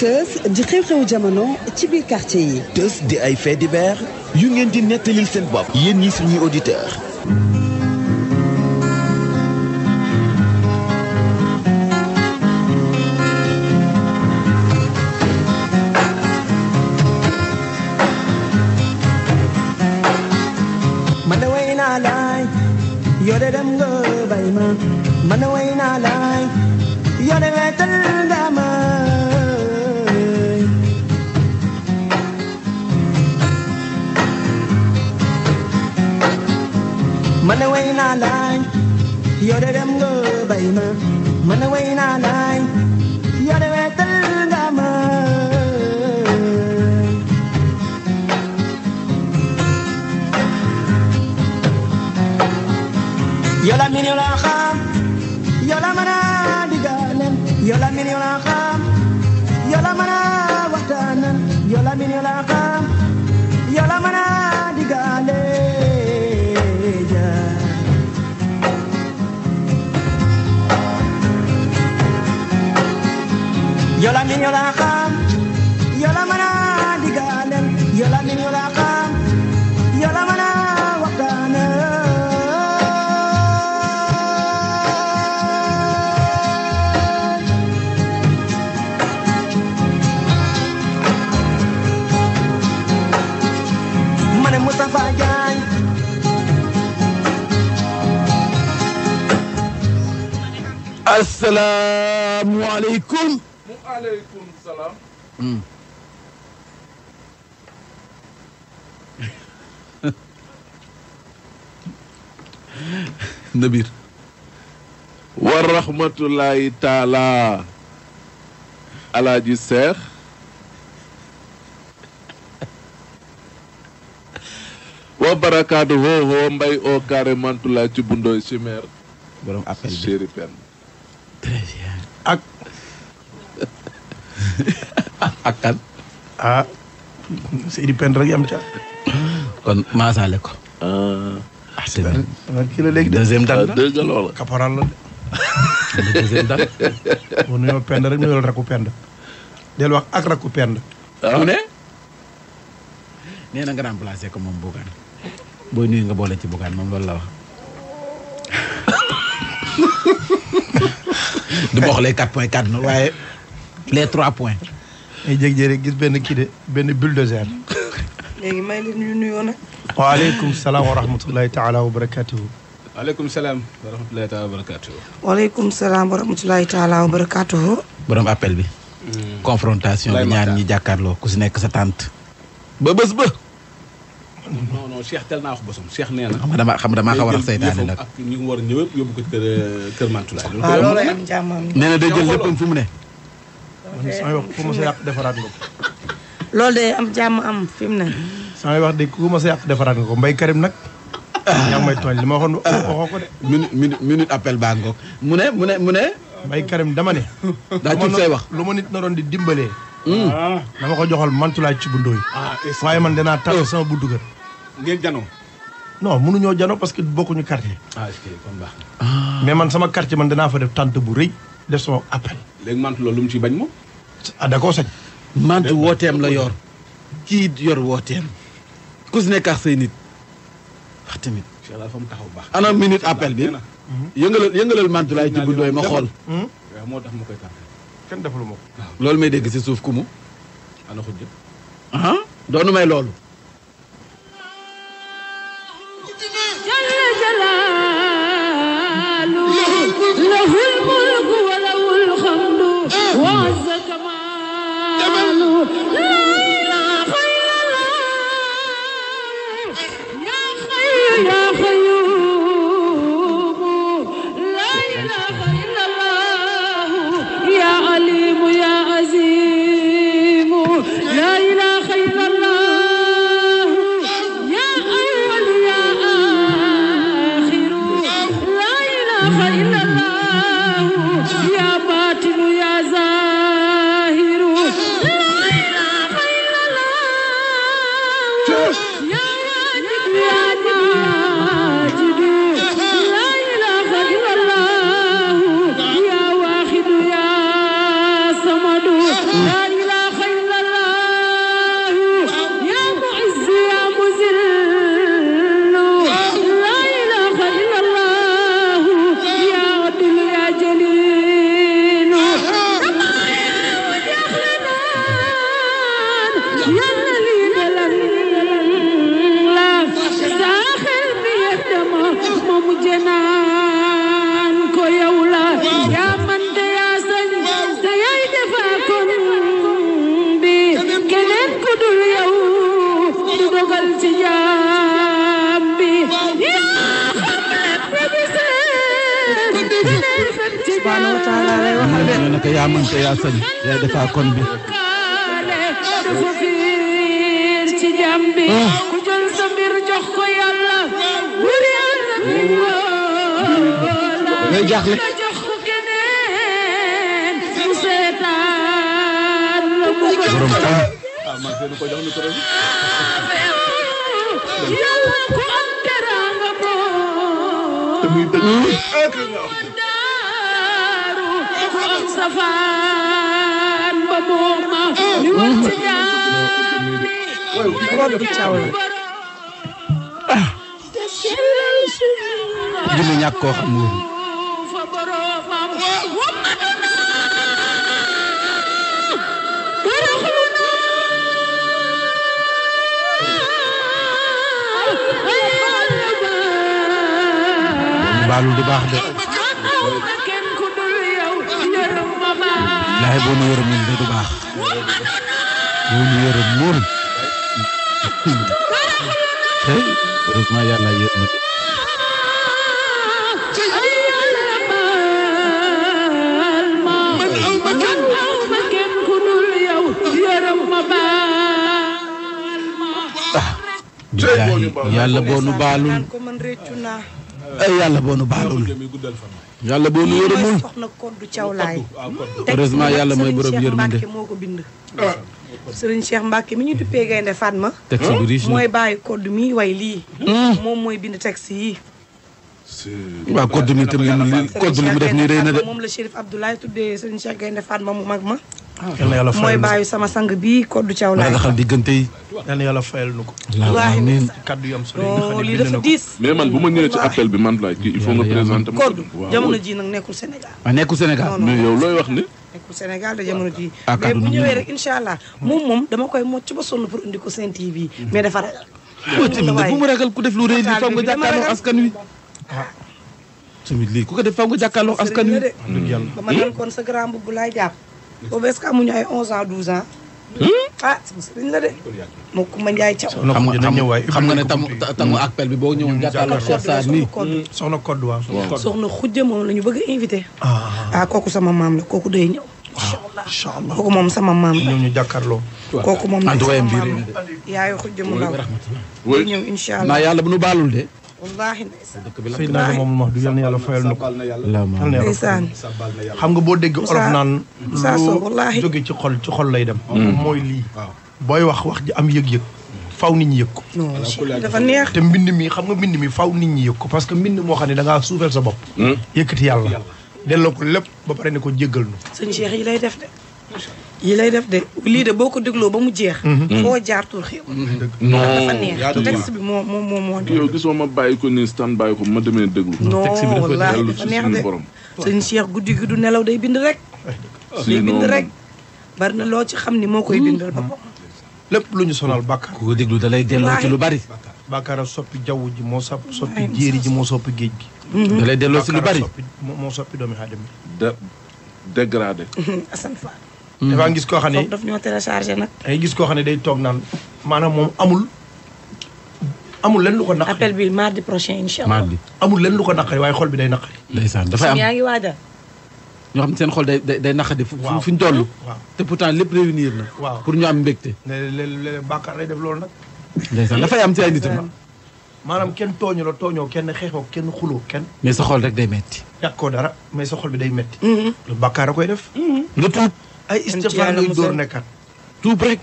tës di xew-xewu jamono ci biir quartier yi. tës di ay faits divers yu ngeen di nettalil seen bopp. yéen ñi suñuy auditeurs. Mm. na biir wa rahmatulahi taala alaaji seex wa barakaatu hoho mbay o carré mantula ci bundoy chimère borom ak ak kan. ah Seydi Pène rek yam ca. kon maasaale ko. ah c'est vrai kii la léegi deuxième dan la ah, deuxième loola caporal la de. deuxième dan. bu nuyoo Penda rek nuyoo rakku Penda. del wax ak rakku Penda. Ah. mu ne. nee na nga remplacé ko moom Bougane. booy nuyu nga boole ci Bougane moom loolu la wax. du ma wax les quatre points quatre na waaye les trois points. ay jéeg-jéeg gis benn kii de benn bulldozer. léegi may leen ñu nuyoo nag. waaleykum salaam wa rahmatulahi taala wa barakaatuhu. waaleykum salaam wa rahmatulahi taala wa barakaatuhu. waaleykum salaam wa rahmatulahi taala wa barakaatuhu. borom appel bi. Hmm. confrontation bi ñaar ñi jàkkaarloo ku si nekk sa tante. ba bés ba. Hmm. non non Cheikh tel naa wax bosam Cheikh nee na. xam nga damaa xam damaa xaw a rax saytaane nag. ak ñi mu war a ñëw yëpp yóbbu ko kër euh, kër Mantoulaye. waaw ah, loolay am jàmm nee na day jël léppam fu mu ne. samay wax ku ma sa yàq defaraat nga ko. loolu de am jàmm am fi mu ne. samay wax de ku ma sa yàq defaraat nga ko Mbaye Karim nag. yaa ngi may tooñ li ma waxoon waxoo ko minute appel baa ngoog mu ne mu ne mu ne. Mbaye Karim dama ne. daa ci say wax lu ma nit naroon di dimbalee. dama hmm. ko joxol mantulaay ci bundoo yi. Ah, waaye man danaa tànn euh. sama buntu kër. ngeen janoo. non mënuñoo janoo parce que bokkuñu quartier. ah est-ce ah. man sama quartier man danaa fa def tànt bu rëy def sama appel. loolu ah, la yor. kii yor wooteem. ku si nekk ak say nit. wax tamit. incha allah fa mu taxaw baax. ana minute mhm. hmm? Hmm? may dégg si suuf ku mu. ana xujja. ah doonu may loolu. له الملك ولا bu caaw la. Ah. junni ñàkk koo xam nga. baalul di baax de. laay boo nu yërëm ñun de du baax. boo nu yërëm ñun. tey heureusement yàlla yéen na yàlla boo nu baalul ay yàlla boo nu baalul yàlla boo nu yërëmul heureusement yàlla mooy borom yërmande sëriñ Cheikh Mbacke mi ñu duppee Gaynde Fatma. ma bu riche mooy bàyyi code mi way lii. Hmm. moom mooy bind texte yi. waaw code mi itam li code li mu def nii rëy na de. moom la Chérif Abdoulaye tuddee sëriñ Cheikh Gaynde ma mu mag ma. Ah, yàlla yàlla mooy bàyyi sama sang bii koddu caaw diggante yi. yàlla yàlla fayal nu ko. wallaahi amiin oh, lii dafa diis. mais man bu ma ñëwee ci appel bi man laaj kii il faut nga présenter nag nekkul Sénégal. ah nekkul Sénégal mais yow looy wax ni nekkul Sénégal da jamono ah, incha allah moom moom dama koy mocc ba sonn pour indi ko seen TV mais dafa ragal. bu ah, mu ragal ku def lu rëy li foog nga jàkkaarloo askan wi tamit lii ku ko def foog nga jàkkaarloo askan wi. sa grand boubou laay jàpp boobu hmm? ah, est-ce que amuñu ay 11 ans 12 ans. ah sëriñ la de. moo ko ma Ndiaye Thiaw. xam nga xam nga ne tamu tamu appel bi boo ñëwoon jàkkaarloo Cheikh Sarr nii. soxna Codé hmm. waaw soxna Codé. soxna Khoudia moom la ñu bëgg a invité. Ah, ah, kooku sama maam kooku day moom sama maam la. ñëw ñu jàkkaarloo. kooku moom la sama maam la. yaayu ñëw incha allah. naa yàlla bu nu baalul de. wallaahi Seydina moom wax du yal na yàlla fayal na ko ndeysaan xam nga boo dégg olof naan lu jóge ci xol ci xol lay dem mm. mooy lii booy wax wax ji am yëg-yëg faw ni ñi yëg ko dafa neex te mbind mi xam nga mbind mi faw nit ñi yëg ko parce que mbind moo xam ne da ngaa suufeel sa bopp mm. yëkkati yàlla delloo ko lépp ba pare ne ko jéggal nu sëñ Cheikh de yi lay def de lii de boo ko dégloo ba mu jeex. Mm-hmm. foo jaar tur xew. Mm-hmm. non dafa neex texte bi moo moo moo ma bàyyi ko nii stan demee déglu. texte bi dafa dellu ci suñu borom non sëñ Cheikh guddi gi du nelaw day bind rek. day bind rek bari na loo ci xam ni moo koy mm-hmm. bindal lépp lu ñu sonal bàkkaar. ku ko déglu da delloo ci lu bari. bàkkaar soppi jaw ji moo soppi jéeri ji moo soppi géej gi. da lay delloo ci lu bari. moo soppi doomi aadama. Mm-hmm. dafaa gis koo xam gis koo xam ne day toog naan maanaam moom amul amul lenn lu ko naqari. appel bi mardi prochain incha allah mardi. amul lenn lu ko naqari waaye xol bi day naqari. ndeysaan dafay am yaa ngi waajal. ñoo xam seen xol day day naqadi. waaw fu ñu toll. te pourtant lépp réunir na. waaw pour ñu am mbégte. le léeg bàkkaar lay def loolu nag. dafay am ci ay nitam. maanaam kenn tooñu la tooñoo kenn xeexoo kenn xuloo kenn. mais sa xol rek day metti yàq ko dara mais sa xol bi day metti mm-hmm. lu koy def. Mm-hmm. ay istixfaar lay dóor nekkat tout break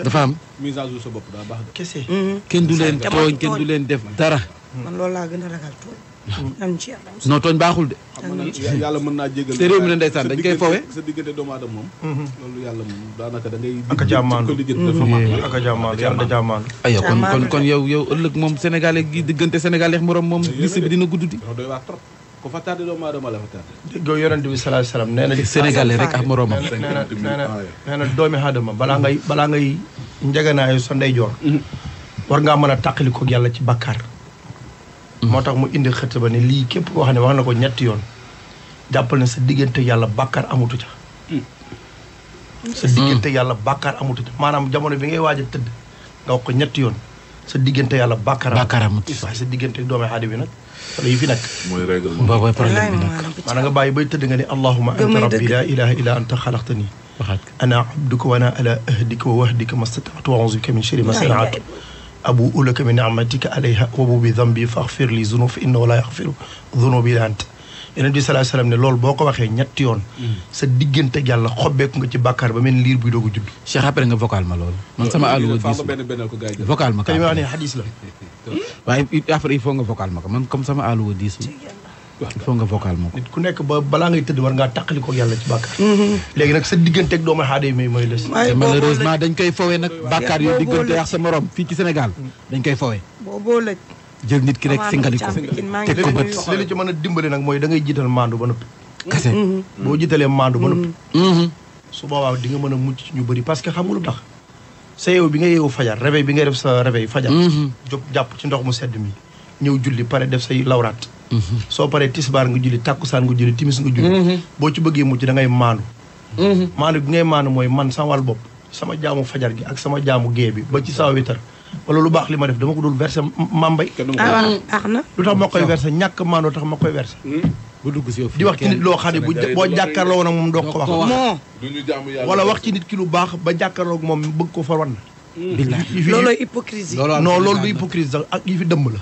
dafa am. mise à jour bopp daa baax mhm. kese. kenn du leen tooñ kenn du leen def dara. man loolu laa gën a ragal tooñ. am ci yàlla non tooñ baaxul de. naa jégal. te réew mi ne ndeysaan dañ koy fowee. Mhm. yàlla moom a jàmmaandu ak a mhm. kon kon kon yow yow ëllëg moom sénégalais gi diggante sénégalais morom moom liste bi dina gudd di. ku fa tardé doomu aadama la fa tardé. déggoo yonent bi sallallahu nee na. Sénégalais rek ak moroomam. nee na nee ah, doomi aadama balaa ngay balaa ngay njaganaayu sa ndeyjoor. war ngaa mën a tàqali yàlla ci bakkaar. Mm-hmm. moo tax mu indi xët ba ne lii képp koo xam ne wax na ko ñetti yoon jàppal ne sa diggante yàlla bakkaar amatu ca. Mm-hmm. sa diggante yàlla bakkaar amutu ca maanaam jamono bi ngay waaj a tëdd nga wax ko ñetti yoon. sa diggante yàlla bàkkaaram bàkkaaram waaye sa diggante doomi aadama bi nag wala yi fi nekk mooy règlement booy problème bi nag maanaam nga bàyyi bay tëdd nga ne allahuma anta rabbi laa ilaha illa anta xalaqtani ana abduka wa ana ala ahdika wa wahdika mastataatu wa auzu bika min sharri ma sanaatu abu ulaka bi nicmatika alayha wa bu bi dambi faxfir li zunub fa innahu laa yaxfiru zunuba illa anta yonent bi sallallahu alayhi wasallam ne loolu boo ko waxee ñetti yoon. Mm. sa diggante ak yàlla xobbeeku nga ci bàkkaar ba mel ni liir buy doog a judd. Cheikh après nga vocal ma loolu. ma. kay ma wax ne hadis la. waaye après il faut nga vocal ma ko man comme sama àll woo diis il faut nga vocal ma ko. nit ku nekk ba balaa ngay tëdd war ngaa taqali ko yàlla ci bàkkaar. Mm-hmm. léegi nag sa digganteeg doomu aadama yi may moy les. malheureusement dañ koy fowee nag. bàkkaar yu diggante ak sa morom fii ci Sénégal dañ koy fowee. jël nit ki rek singali ko teg ko bët li mën a dimbali nag mooy da ngay jiital maandu ba noppi kase mm-hmm. boo jiitalee maandu ba noppi mm-hmm. Mm-hmm. su boobaa dinga nga mën a mucc ñu bëri parce que xamul nga lu tax sa yeew bi nga yeewu fajar réveil bi ngay def sa réveil fajar jóg jàpp ci ndox mu sedd mi ñëw julli pare def say lawraat soo paree tisbaar nga julli tàkkusaan nga julli timis nga julli boo ci bëggee mucc da ngay maandu maandu bi ngay maandu mooy man sama wàll bopp sama jaamu fajar gi ak sama jaamu gee bi ba ci saa witar wala lu baax li ma def dama ko dul versé mambay ah, lu tax ma koy versé ñàkk maandoo tax ma koy versé hmm? dugg si yow di wax ci nit loo xam ne bu boo jàkkaarloo woon ak moom doo ko wax wala wax ci nit ki lu baax ba jàkkaarloo ak moom bëgg ko farwan na loolooy hypocrisie non loolu du hypocrisie sax ak yi fi dëmm la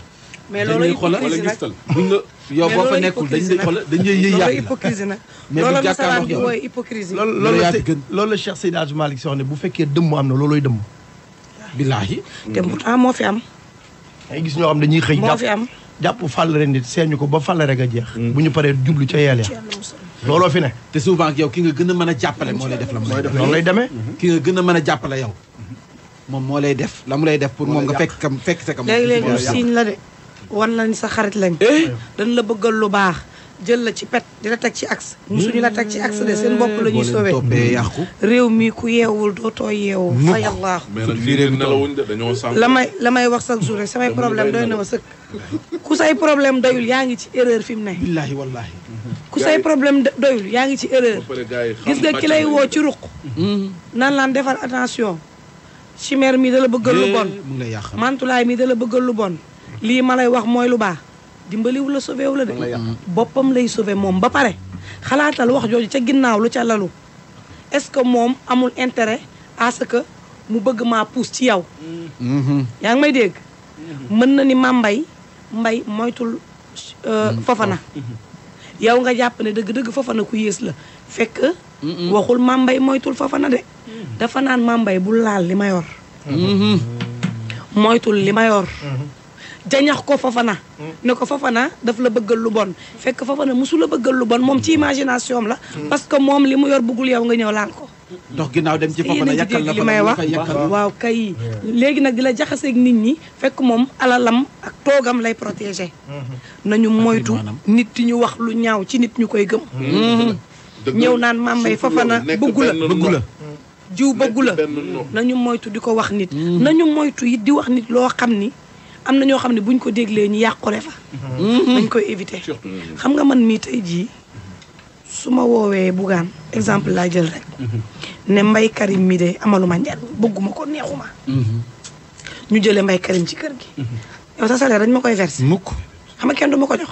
mais loolu hypocrisie nag buñ la yow boo fa nekkul dañ lay xoolal dañ lay la la Cheikh Seydi Hadji Malick si wax ne bu fekkee dëmm am na loolooy dëmm billaahi te pourtant ah, moo fi am. ay gis ñoo xam dañuy xëy. moo fi am jàpp fàll ren nit seeñu ko ba fàll rek a jeex. Hmm. bu ñu paree jublu ca yeel looloo fi ne. te souvent yow ki nga gën a mën a jàppale moo lay def la mooy def loolu lay demee. Hmm. ki nga gën a mën a jàppale yow. moom moo lay def la mu lay def pour moom nga fekk kam fekk sa kam. léeg-léeg ñu siiñ la de wan lañ sa xarit lañ. Eh? dañ la bëggal lu baax jël la ci pet di la teg ci axe hmm. musuñu la teg ci axe de seen bopp la ñuy sauvé hmm. réew mi ku yeewul dootoo yeewu fayallah la may la may wax chaque jour rek samay problème na ma ku say problème doyul yaa ngi ci erreur fi mu ne billaahi wallaahi ku say problème doyul yaa ngi ci erreur gis nga ki lay woo ci ruq hmm. nan laan defal attention chimère mi dala la bëggal lu bon mantulaay mii da la bëggal lu bon lii ma lay wax mooy lu baax dimbaliwu la sauvé wu la de. boppam lay sauvé moom ba pare. xalaatal wax jooju ca ginnaaw lu ca lalu est-ce que moom amul intérêt à que mu bëgg maa pousse ci yow. Mm-hmm. yaa ngi may dégg. Mm-hmm. mën na ni màmbay mbay mbay moytul euh, mm-hmm. Fofana. yow nga jàpp ne dëgg-dëgg Fofana ku yées la fekk. waxul ma mbay moytul Fofana de. dafa naan ma mbay bu laal li ma yor. moytul li ma yor. jañax ko Fofana. Mm. ne ko Fofana daf la bëgga lu bon. fekk Fofana musu la bëggal lu bon moom ci imagination am la. Mm. parce que moom li mu yor bëggul yow nga ñëw laal ko. dox ginnaaw dem ci Fofana yàkkal la li may wax waaw kay. léegi nag di la jaxaseeg nit ñi fekk moom alalam ak toogam lay protéger. Mm-hmm. nañu moytu nit ñi ñu wax lu ñaaw ci nit ñu koy gëm. Mm-hmm. Mm-hmm. ñëw naan maam may Fofana bëggu la bëggu la. jiw bëggu la nañu moytu di ko wax nit. nañu moytu it di wax nit loo xam ni. am na ñoo xam ne bu buñ ko déglee ñu yàqule fa. Mhm. dañ koy éviter. xam nga man mii tey jii su ma woowee Bougane exemple laa jël rek. Mhm. ne Mbaye Karim mi de amaluma njariñ bëgguma ko neexuma. Mhm. ñu jële Mbaye Karim ci kër gi. yow sa salaire dañ ma koy verser. mukk xam nga kenn du ko jox.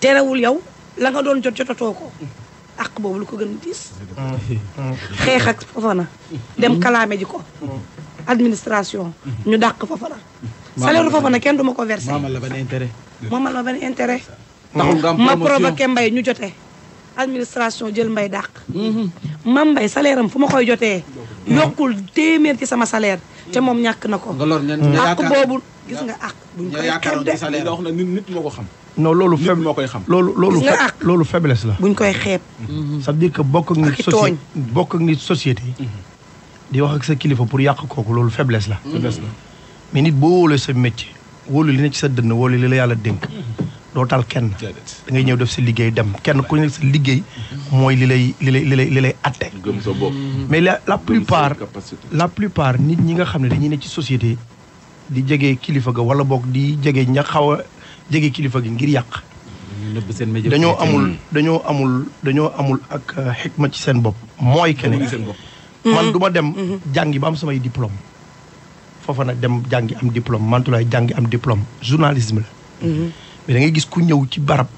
terewul yow la nga doon jot jotatoo ko. ak boobu lu ko gën diis. xeex ak Fofana. dem kalaame ji ko. administration. ñu dàq Fofana. salaire Fofana kenn du ma ko versé. moomal la ban intérêt. moomal la ban intérêt. taxul nga am promotion ma provoqué mbay ñu jotee. administration jël mbay dàq. Mhm. ma mbay salaire am fu ma koy jotee. Mhm. yokkul téeméer ci sama salaire. te moom ñàkk na ko. nga lor ak boobu gis nga ak. buñ koy xeeb de na moo ko xam. non loolu faible moo koy xam loolu loolu loolu faiblesse la. buñ koy xeeb. Mhm. c'est-à-dire que bokk ak nit société bokk ak nit société. di wax ak sa kilifa pour yàq kooku loolu faiblesse la. faiblesse la. mais nit boo wóolee sa métier wóolu li ne ci sa dënn wóolu li la yàlla dénk doo tal kenn da ngay ñëw def sa liggéey dem kenn ku nekk sa liggéey mooy li lay li lay li lay atte mais la la plupart la plupart nit ñi nga xam ne dañuy ne ci société di jege kilifa ga wala boog di jege ña xaw a jege kilifa gi ngir yàq dañoo amul dañoo amul dañoo amul ak euh, xikma ci seen bopp mooy kene man du dem mm-hmm. Mm-hmm. jàngi ba am samay diplôme Fofana dem jàngi am diplom Mantoulaye jàngi am diplôme journalisme la. Mhm. mais da ngay gis ku ñëw ci barab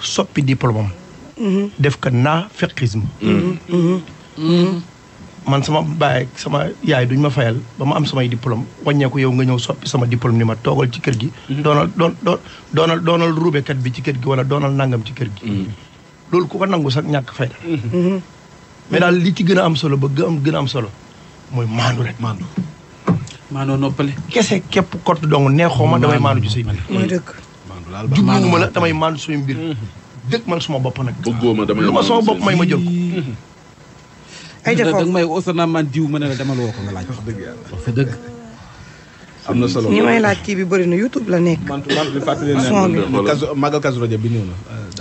soppi diplôme am. Mhm. def ko naafeqisme. Mhm. man sama baay sama yaay duñ ma fayal ba ma am samay diplôme wàññeeku yow nga ñëw soppi sama diplôme ni ma toogal ci kër gi. doonal doon doonal doonal ruubekat bi ci kër gi wala doonal nangam ci kër gi. loolu ku sax ñàkk fayda li ci gën a am solo ba gën a am solo mooy maandu rek maanoo noppale. kese képp kot dong neexoo ma damay maanu ci say mbir. mooy dëkk. jubluwuma la damay maanu suñu mbir. Mm-hmm. dëkk man suma bopp nag. bëggoo ma damay lu ma sama bopp may ma jël ko. ay defoon danga may osana man diw ma ne la dama la woo ko nga laaj. wax dëgg yàlla dëgg. am na solo ñi may laaj kii bi bari na YouTube la nekk. man li fàttali leen magal Kazu bi ñëw na.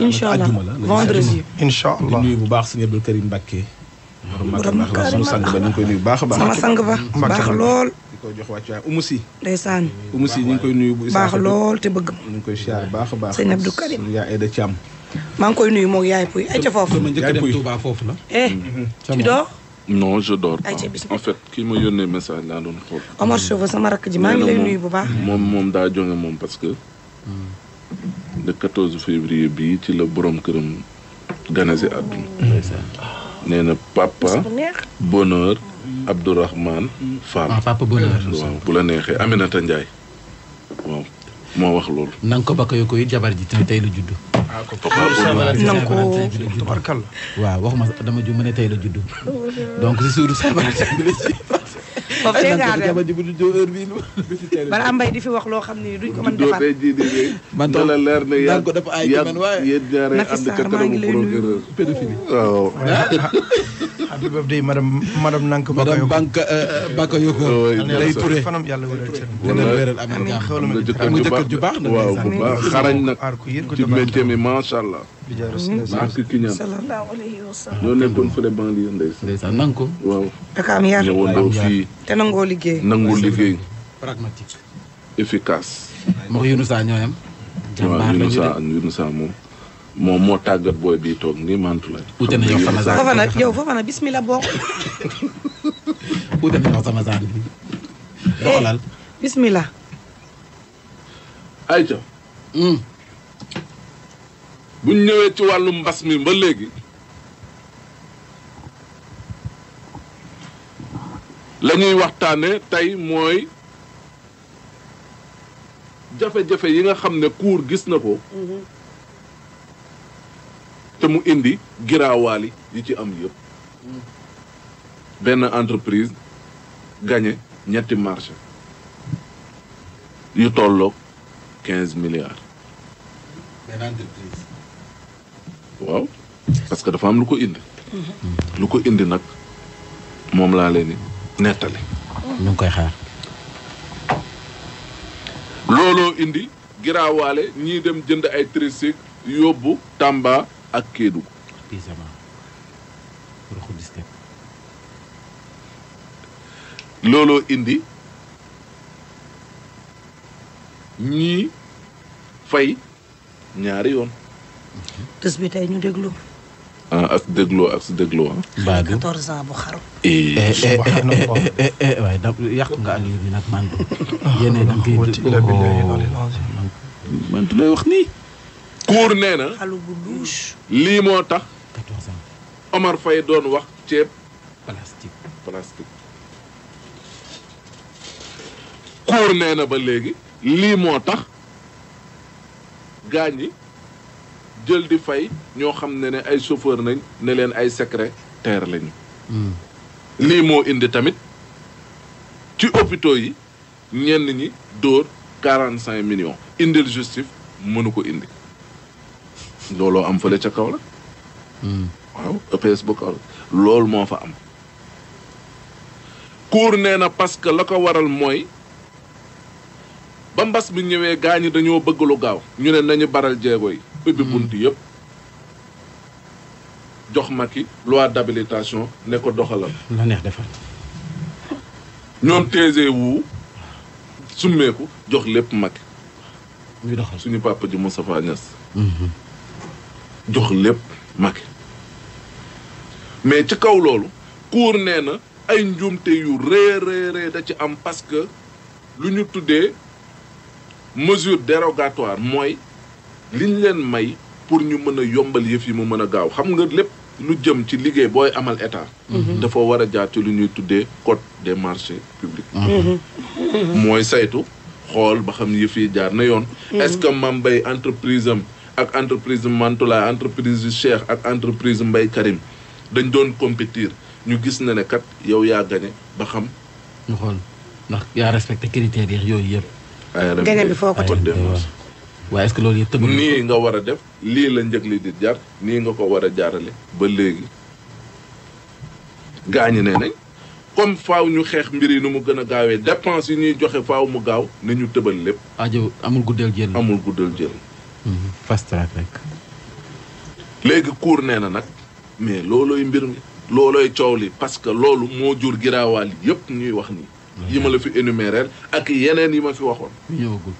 incha allah vendredi incha allah di nuyu bu baax sëñ Abdul Karim Mbacke. borom Karim Mbacke sunu sang ba ñu koy nuyu baax a baax. sama sang ba baax lool. di jox wàccuwaay umu si. ndeysaan umu si ñu ngi koy nuyu. bu baax lool te bëgg ñu koy siyaar baax baax. sëñ Abdou Karim suñu maa ngi koy nuyu moog yaay puy ay ca foofu. yaay dem Touba la. eh mhm. tu dors. non je dors pas en fait kii ma yónnee message laa doon xool. Omar Chauve sama rakk ji maa ngi lay nuyu bu baax. moom moom daa jonge moom parce que. Hmm. le 14 février bii ci la boroom këram ganase àdduna. nee na papa bonheur. Abdourahmane Fall ah, papa bonheur waaw bu la neexee Aminata Ndiaye waaw moo wax loolu. na nga ko bakk ko it jabar ji tey la judd. ah ko tubarkal waaw waxuma dama ju mu ne tey la judd. donc si suudu Saint-Valentin bi la ci. foofu tey ngaa dem balaa mbay di fi wax loo xam ne duñ ko mën defar. man de la leer ne yaa ko dafa ay man waaye. yéen ñaare ànd kataramu procureur. waaw. happy birthday madame madame Nank madame Bank euh, euh, Bakayoko oh, lay Touré fanam yàlla wëral cër mu jëkkër ju baax na waaw bu baax xarañ nag ci métier mi macha allah maa ki ki ñaan sallallahu alayhi wa sallam ñoo nekkoon fële banlieue ndeysaan ndeysaan nangu ko waaw daka am yar ñëwandoo fii te nangoo liggéey nangu liggéey pragmatique efficace moo Yunusa ñooyam jàmbaar la ñu de waaw Yunusa moom moom moo tàggat booy bii toog nii Mantoulaye. uute nañoo sama zaan foofa nag yow foofa nag bismillah bokk. uute nañoo sama zaan buñ ñëwee ci wàllu mbas mi ba léegi. la ñuy waxtaane tey mooy jafe-jafe yi nga xam ne kuur gis na ko. Mhm. te mu indi giraawaali yi ci am yëpp benn entreprise gagné ñetti marché yu tollook quinze milliards. benn waaw parce que dafa am lu ko indi. lu ko indi nag moom laa leen di nettali. ñu ngi koy xaar. looloo indi giraawaale ñii dem jënd ay tricycle yóbbu tàmba ak Kédougou. looloo indi ñii fay ñaari yoon. tës ñu déglu. ah as dégloo as dégloo ah. baa eh. eh, eh, nga Aliou bi nag ah, oh. wax nii. Cour nee na. xalu bu douche. lii moo tax. 14 Omar Faye doon wax ceeb. plastique plastique. Cour nee na ba léegi. lii moo tax gaañ yi jël di fay ñoo xam ne ne ay chauffeur nañ ne leen ay secrétaire lañu. Hmm. lii moo indi tamit ci hôpitaux yi ñenn ñi dóor quarante cinq millions. indil justif mënu ko indi. looloo am fa fële ca kaw la hmm. waaw loolu moo fa am cour nee na parce que la ko waral mooy ba mbas mi ñëwee gaa ñi dañoo bëgg lu gaaw ñu ne nañu baral jéego yi hmm. ubbi bunt yëpp jox Macky loi d'habilitation ne ko doxalal la neex defal ñoom teesee wu summeeku jox lépp Macky ñuy suñu papa ji Moustapha Niass hmm. jox lépp Macky mais ci kaw loolu cour nee na ay njuumte yu rée rée rée da ci am parce que lu ñu tuddee mesure dérogatoire mooy liñ leen may pour ñu mën a yombal yëf yi mu mën a gaaw xam nga lépp lu jëm ci liggéey booy amal état. Mhm. dafa war a jaar ci lu ñuy tuddee code des marché publics. Mhm. Mhm. mooy saytu xool ba xam yëf yi jaar na yoon. est-ce que mam bay entreprise am ak entreprise Mantoula entreprise Cheikh ak entreprise Mbaye Karim dañ doon compétir ñu gis na ne kat yow yaa gagné ba xam. ñu xool ndax yaa respecté critères yi yooyu yëpp. ayarab bi foo ko teg waaye est loolu yëpp tëbul nii nga war a def lii la njëg li di jar nii nga ko war a jaarale. ba léegi gaañu ne nañ comme faw ñu xeex mbir yi nu mu gën a gaawee dépense yi ñuy joxe faaw mu gaaw ne ñu tëbal lépp. ajo amul guddeel jël. amul guddeel jël. fast track rek. léegi cour nee na nag mais loolooy mbir mi loolooy coow li parce que loolu moo jur giraawaal yëpp ñuy wax nii. yi ma la fi énumérer ak yeneen yi ma fi waxoon. ñëwagul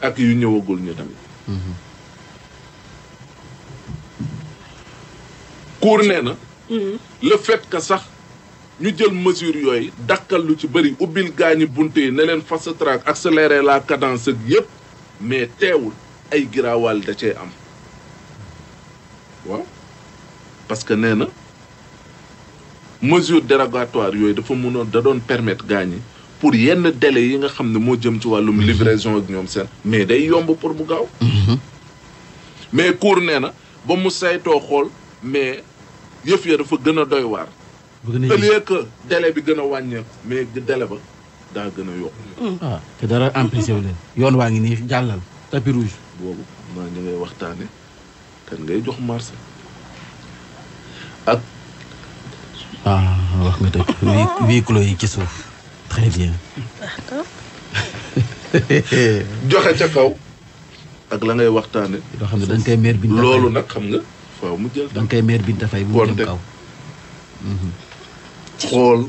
ak yu ñëwagul ñu tamit. Mhm. cour nee na. Mhm. le fait que sax ñu jël mesure yooyu dakkal lu ci bëri ubbil ñi bunt yi ne leen fast track accélérer la cadence ak yëpp mais teewul. ay giraawaal da cee am waaw parce que nee na mesure dérogatoire yooyu dafa mënoon da doon permettre gars ñi pour yenn délai yi nga xam ne moo jëm ci wàllum mhm. livraison ak ñoom seen mais day yomb pour mu gaaw mhm. mais cour nee na ba mu saytoo xool mais yëf ya dafa gën a doy waar au lieu que bi gën a wàññeeku mais délai ba daa gën a yokk ah, te dara empêché wu leen yoon waa ngi nii jàllal tapis rouge. boobu maa ngi lay waxtaane kan ngay jox marché ak. ah wax nga dëgg. huit huit kilos yi ci suuf. très bien. joxe ca kaw. ak la ngay waxtaane. loo xam ne da nga koy meer Binta loolu nag xam nga. mu jël da koy meer Binta Faye mu jëm kaw. Mhm. xool.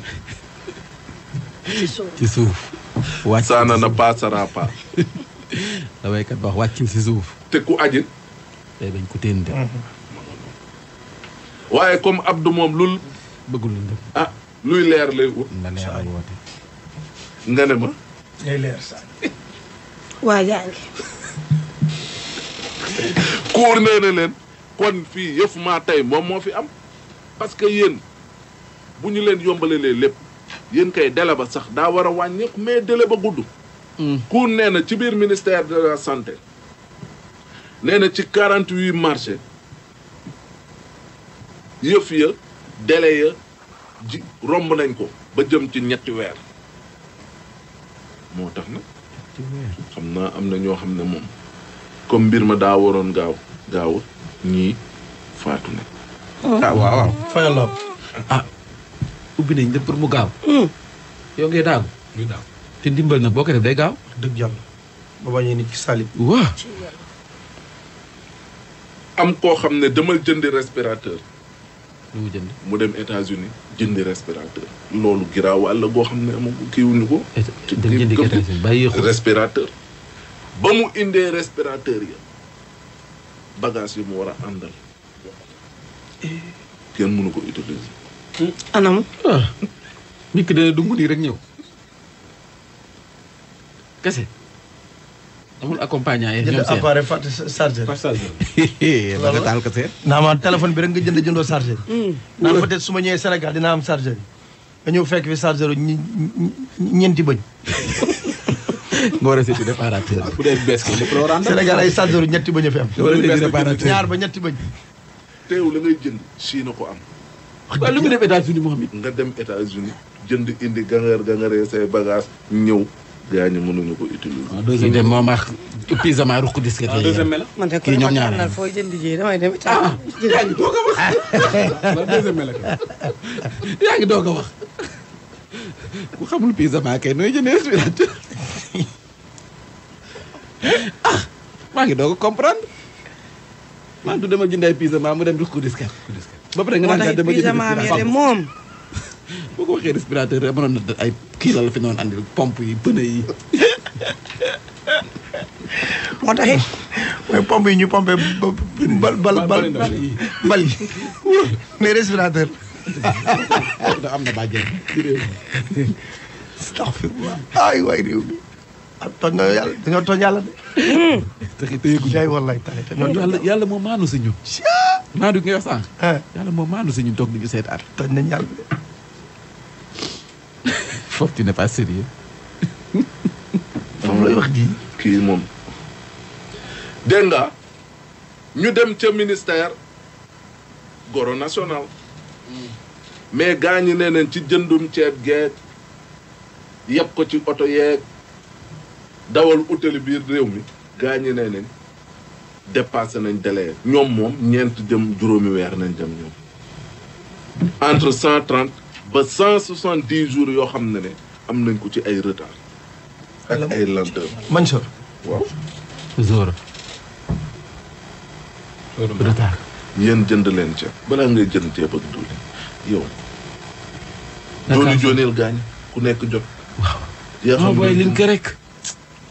ci suuf ci wàcc saana na paasara la waykat ba wax wàccul si suuf. te ku aji. day bañ ku waaye comme Abdou moom lul. bëggul lëndëm. ah luy leer lay wut. na nga ne ma. Hmm? ngay leer saa waa jaa ngi. nee na leen kon fii yëf maa tey moom moo fi am parce que yéen bu ñu leen yombale yombalalee lépp yën kay délai ba sax daa war a wàññeeku mais délai ba gudd. ku nee na ci biir ministère de la santé nee na ci quarante huit marché yëf ya délai ya ji romb nañ ko ba jëm ci ñetti weer moo tax nag xam naa am na ñoo xam ne moom comme mbir ma daa waroon gaaw gaaw ñii faatu na oh. ah waaw waaw fayal ah ubbi nañ lépp pour mu gaaw hmm. yow ngay daagu te ndimbal na boo ko def day gaaw. dëgg yàlla ba bañee nit ki salit. waaw. am koo xam ne demal jënd respirateur. mu jënd mu dem États-Unis jënd respirateur. loolu giraaw wàll goo xam ne moom kii ko. dem jëndi États-Unis bàyyi respirateur. ba mu indee respirateur yi mu war a àndal. Eh. kenn mënu ko utiliser. Hmm? anam. ah nit du dana dungu rek ñëw. kese amul accompagnant yi ñoom seen jënd appareil fàtte chargeur. fàtte chargeur. Eh, nga taal kese. téléphone bi rek nga jënd jëndoo chargeur. Hmm. su ma ñëwee Sénégal dinaa am chargeur yi. ñëw fekk fi chargeur ñi ñeenti bëñ. nga war a seeti réparateur. bu dee bees ko lépp loo rànd. Sénégal ay chargeur ñetti bëñ a fi am. ñaar ba ñetti bëñ. teew la ngay jënd sii ko am. waaw lu mu dem États-Unis nga dem états jënd indi gangar gangaree say bagage ñëw. gaa ñi mënuñu ko utiliser. waaw ah, deuxième bi moom ak pyjama ruq disket la deuxième bi la man de kii ñoom ñaar foo jënd jii damay dem ah yaa ngi doog a wax. man deuxième bi la yaa ngi doog a wax ku xamul pyjama kay nooy jëndee aspirateur ah maa ngi doog a comprendre man du dama jënd ay pyjama mu dem ruq disket. ba pare nga naan dama jënd pyjama moom. boo ko waxee respirateur rek mënoon na ay. kii la la fi noonu yi pneu yi. moo taxit mooy pompe yi ñu pompe yi mais respirateur. da am na bàjjen. astaghfirullah ay waay réew mi ah yàlla dañoo tooñ yàlla de. te teyeeku jaay maanu si ñun. maanu gi nga wax sànq. yàlla moo maanu si ñun toog di ñu seetaat. tooñ nañ yàlla foofu tu n'es pas sérieux moom lay wax di kii moom dégg nga ñu dem ca ministère goro national mais gaa ne nee ci jëndum ceeb geeg yëpp ko ci oto yeeg dawal utali biir réew mi gaa ñi nee nañ nañ délai ñoom moom ñeent jëm juróomi weer nañ jëm ñoom entre ba cent soixante dix jours yoo xam ne ne am nañ ko ci ay retard. ak ay lenteur. Mansour. waaw. Zora. retard. yéen jënd leen ceeb. balaa ngay jënd ceeb ak duule yow. d'accord doolu jooneel gaañ ku nekk jot. yaa xam ne liñ ko rek.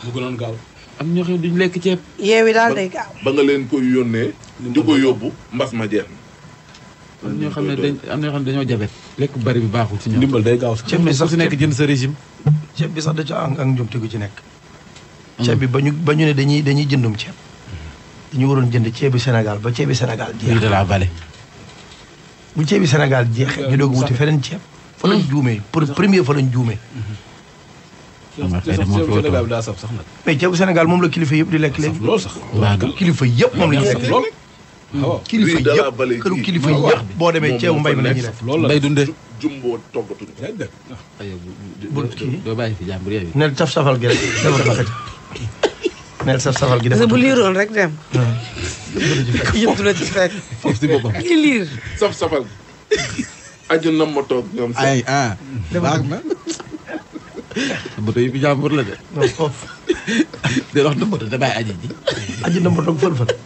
mu gënoon gaaw. am ñoo xam ba nga leen koy yónnee. di ko yóbbu mbas ma jeex na. am na ñoo xam ne dañ am na ñoo xam ne dañoo jabet lekk bari bi baaxul ci ñoom. ndimbal day gaaw ceeb bi sax si nekk jënd sa régime. ceeb bi sax da ca ak njumte gu ci nekk. Hmm. ceeb bi ba ñu ba ñu ne dañuy dañuy jëndum ceeb. Hmm. dañu waroon jënd ceebi Sénégal ba ceebi Sénégal jeex. de la vallée. bu ceebi Sénégal jeexee ñu doog wuti feneen ceeb. fa lañ juumee pour premier fa lañ juumee. Hmm. mais ceebu Sénégal moom la kilifa yëpp di lekk léegi. loolu sax kilifa yëpp moom la ñu lekk kilifa yëpp këru kilifa yëpp boo demee ceebu mbay mi la ñu ne mbay dunde jumbo toggatuñu ah, bu kii doo bàyyi fi jàmbur yow nel saf safal gi rek dafa rafet nel saf safal gi dafa bu liiroon rek dem ah. yëpp du la ci fekk foofu si boppam ki liir saf safal aju na ma toog ñoom ay ah baax na bato yi bi jàmbur la de foofu de wax na bato damay aji ji aji na ma toog fël fël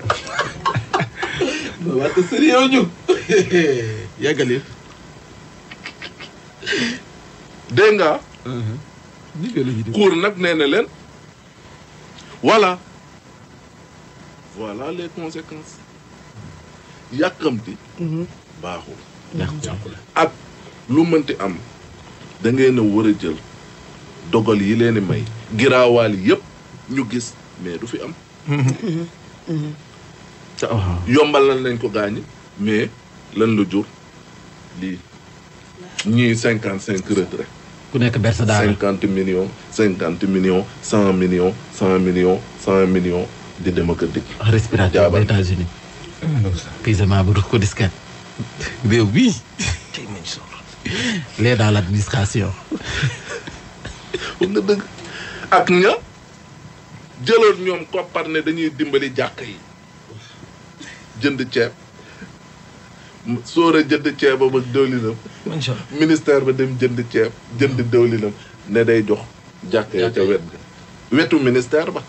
Babata sérieux yàggali dégg nga xuur uh-huh. nag nee na leen voilà voilà les conséquences yàkkamti uh-huh. baaxul ak lu mënti am da ngeen a war a jël dogal yi leen di may giraawaal yëpp ñu gis mais du fi am uh-huh. Uh-huh. yombal nañ ko gaañi mais lan la jur lii ñii cinquante cinq retraite ku nekk bersa daal cinquante millions cinquante millions cent millions cent millions millions di dem ak a ah, respirateur ba États-Unis pisement bu duf ko disket réew bi les dans l'administration nga dëgg ak ña jëloon ñoom koppar ne dañuy dimbali jàkk yi jënd ceeb sóora jënd ceebam ak dëwlinam ministère ba dem jënd ceeb jënd dëwlinam ne day jox jàkka ya ca wet ga wetu ministère ba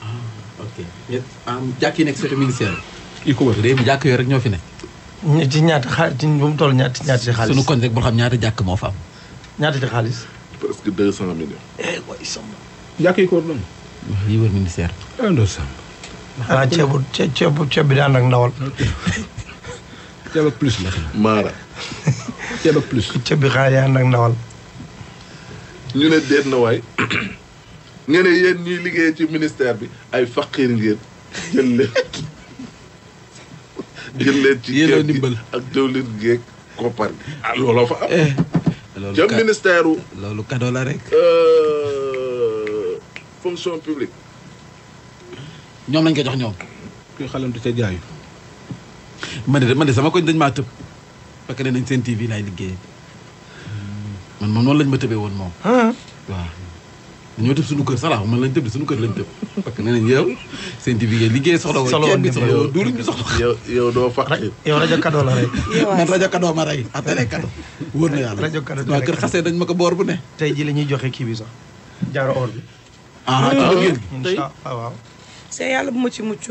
ah, ok jàkk yi nekk ko wër réew yooyu rek ñoo fi ne ci ñaata xaalis ci bu mu toll ñaata ñaata ci ñaata jàkk moo fa am ñaata ci xaalis eh, jàkk yi ko wër lan yi wër ministère xanaa ceebu ceebu ceeb bi daan ak ndawal. ceeb ak plus la. maara ceeb ak plus. ceeb bi xanaa daan ak ndawal. ñu ne déet na waay ñu ne ñuy liggéey ci ministère bi ay faqiir ngeen jël leen jël leen ci ceeb gi ak diwlin geeg koppar gi. ah looloo fa am. ca eh. ministère wu. loolu cadeau la rek. Euh, fonction publique. ñoom lañ ko jox ñoom. kuy xalantu ca jaayu. man de man de sama koñ dañ maa tëb fekk ne nañ seen TV laay liggéey man moom noonu lañ ma tëbee woon moom. waaw dañoo tëb suñu kër salaaw man lañ tëb di suñu kër lañ tëb fekk ne nañ yow seen TV ngay liggéey soxla woo. soxla woon ngeen soxla bi fa yow ma rey ah yàlla rajo kadoo waaw kër xasee dañ ma ko boor bu ne. tey jii la ñuy joxe kii bi jaaro or ah, ah, ah, tey Cheikh yàlla bu ma ci mucc.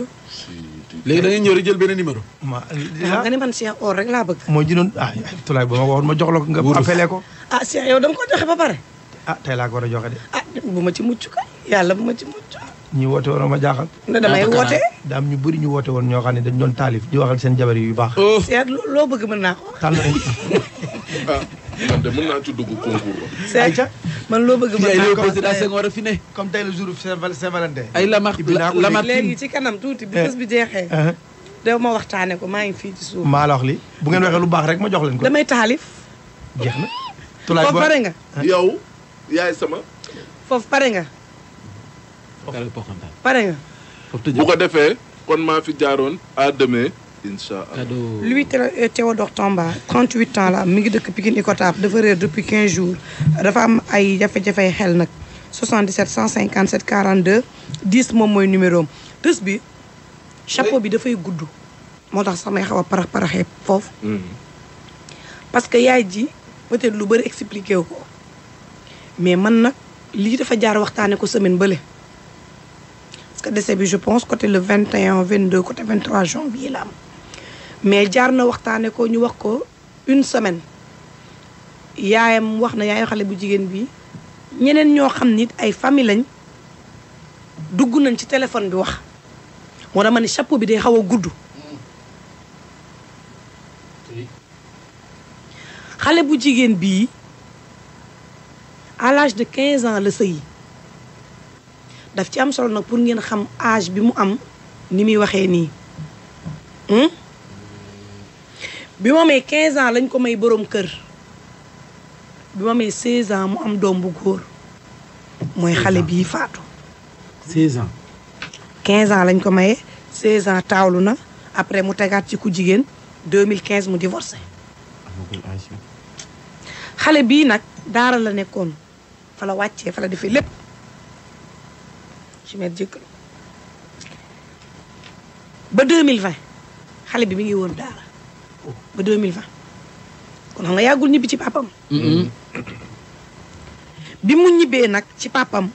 léegi da ngeen ñëw rek jël benn numéro. ma ah, nga ah. ne man Cheikh or rek laa bëgg. moo ji doon ah Tulaay ba ma ko jox la ko nga appelé ko. ah Cheikh yow dama ko joxe ba pare. ah tey laa ko war a joxe de. Ah, bu ma ci mucc kay yàlla bu ma ci mucc. ñi woote woon ma jaaxal. ne damay woote. daam ñu bëri ñu woote woon ñoo xam ne dañ doon taalif ji waxal seen jabar yu baax. Oh. Cheikh loo bëgg mën naa ko. man de mën naa ci dugg concours ba. man loo bëgg mën naa ko président Senghor a fi ne. comme tey le jour Saint-Valentin. ay lamak lamak léegi ci kanam tuuti bi bés bi jeexee. Uh-huh. da ma waxtaane ko maa ngi fii ci suuf. maa la wax li bu ngeen waxee lu baax rek ma jox leen ko. damay taalif. jeex na. tulaay foofu pare nga. Uh-huh. yow yaay sama. foofu pare nga. pare nga. bu ko defee kon maa fi jaaroon à demain. incha allah. lui eh, Théodore Tamba 38 ans la am mi ngi dëkk Pikine Icotaf dafa réer depuis 15 jours dafa am ay jafe-jafey xel nag 77 157 42 10 moom mooy numéro am tës bi chapeau bi dafay gudd. moo tax samay xaw a parax paraxee foofu. Hmm. parce que yaay ji peut-être lu bëri expliqué wu ko mais man nag lii dafa jaar waxtaane ko semaine bële. parce que décès bi je pense vingt le 21 22 côté 23 janvier la am. mais jaar na waxtaane ko ñu wax ko une semaine yaayam wax na yaayu xale bu jigéen bi ñeneen ñoo xam nit ay famille lañ dugg nañ ci téléphone bi wax moo dama ne chapeau bi day xaw a gudd xale bu jigéen bii à de 15 ans la sëyi daf ci am solo nag pour ngeen xam âge bi mu am ni muy waxee nii hmm? bi ma amee 15 ans lañ ko may boroom kër bi ma mu am doom bu góor mooy xale bii faatu. 16 ans. 15 lañ ko may 16 ans taawlu na après mu tegaat ci ku jigéen 2015 mu divorcé. xale bii nag daara la nekkoon fa la wàccee fa la defee lépp ci met jëkkëru ba xale bi mi ngi woon daara. ba 2020 kon xam nga yàggul ñibbi ci papam mm-hmm. bi mu ñibbee nag ci pàppam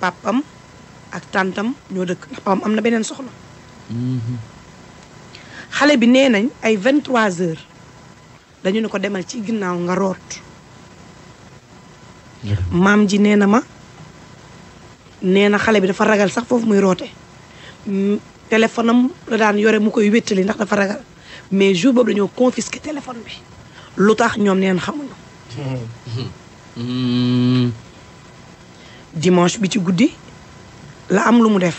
papam ak tàntam ñoo dëkk ndax papam am na beneen soxla mm-hmm. xale bi nee nañ ay 23 heures dañu ne ko demal ci ginnaaw nga root maam ji nee na ma nee na xale bi dafa ragal sax foofu muy roote téléphone la daan yore mu koy wéttali ndax dafa ragal mais jour boobu dañoo confisqué téléphone bi lu tax ñoom neen xamuñu. dimanche bi ci guddi la am lu mu def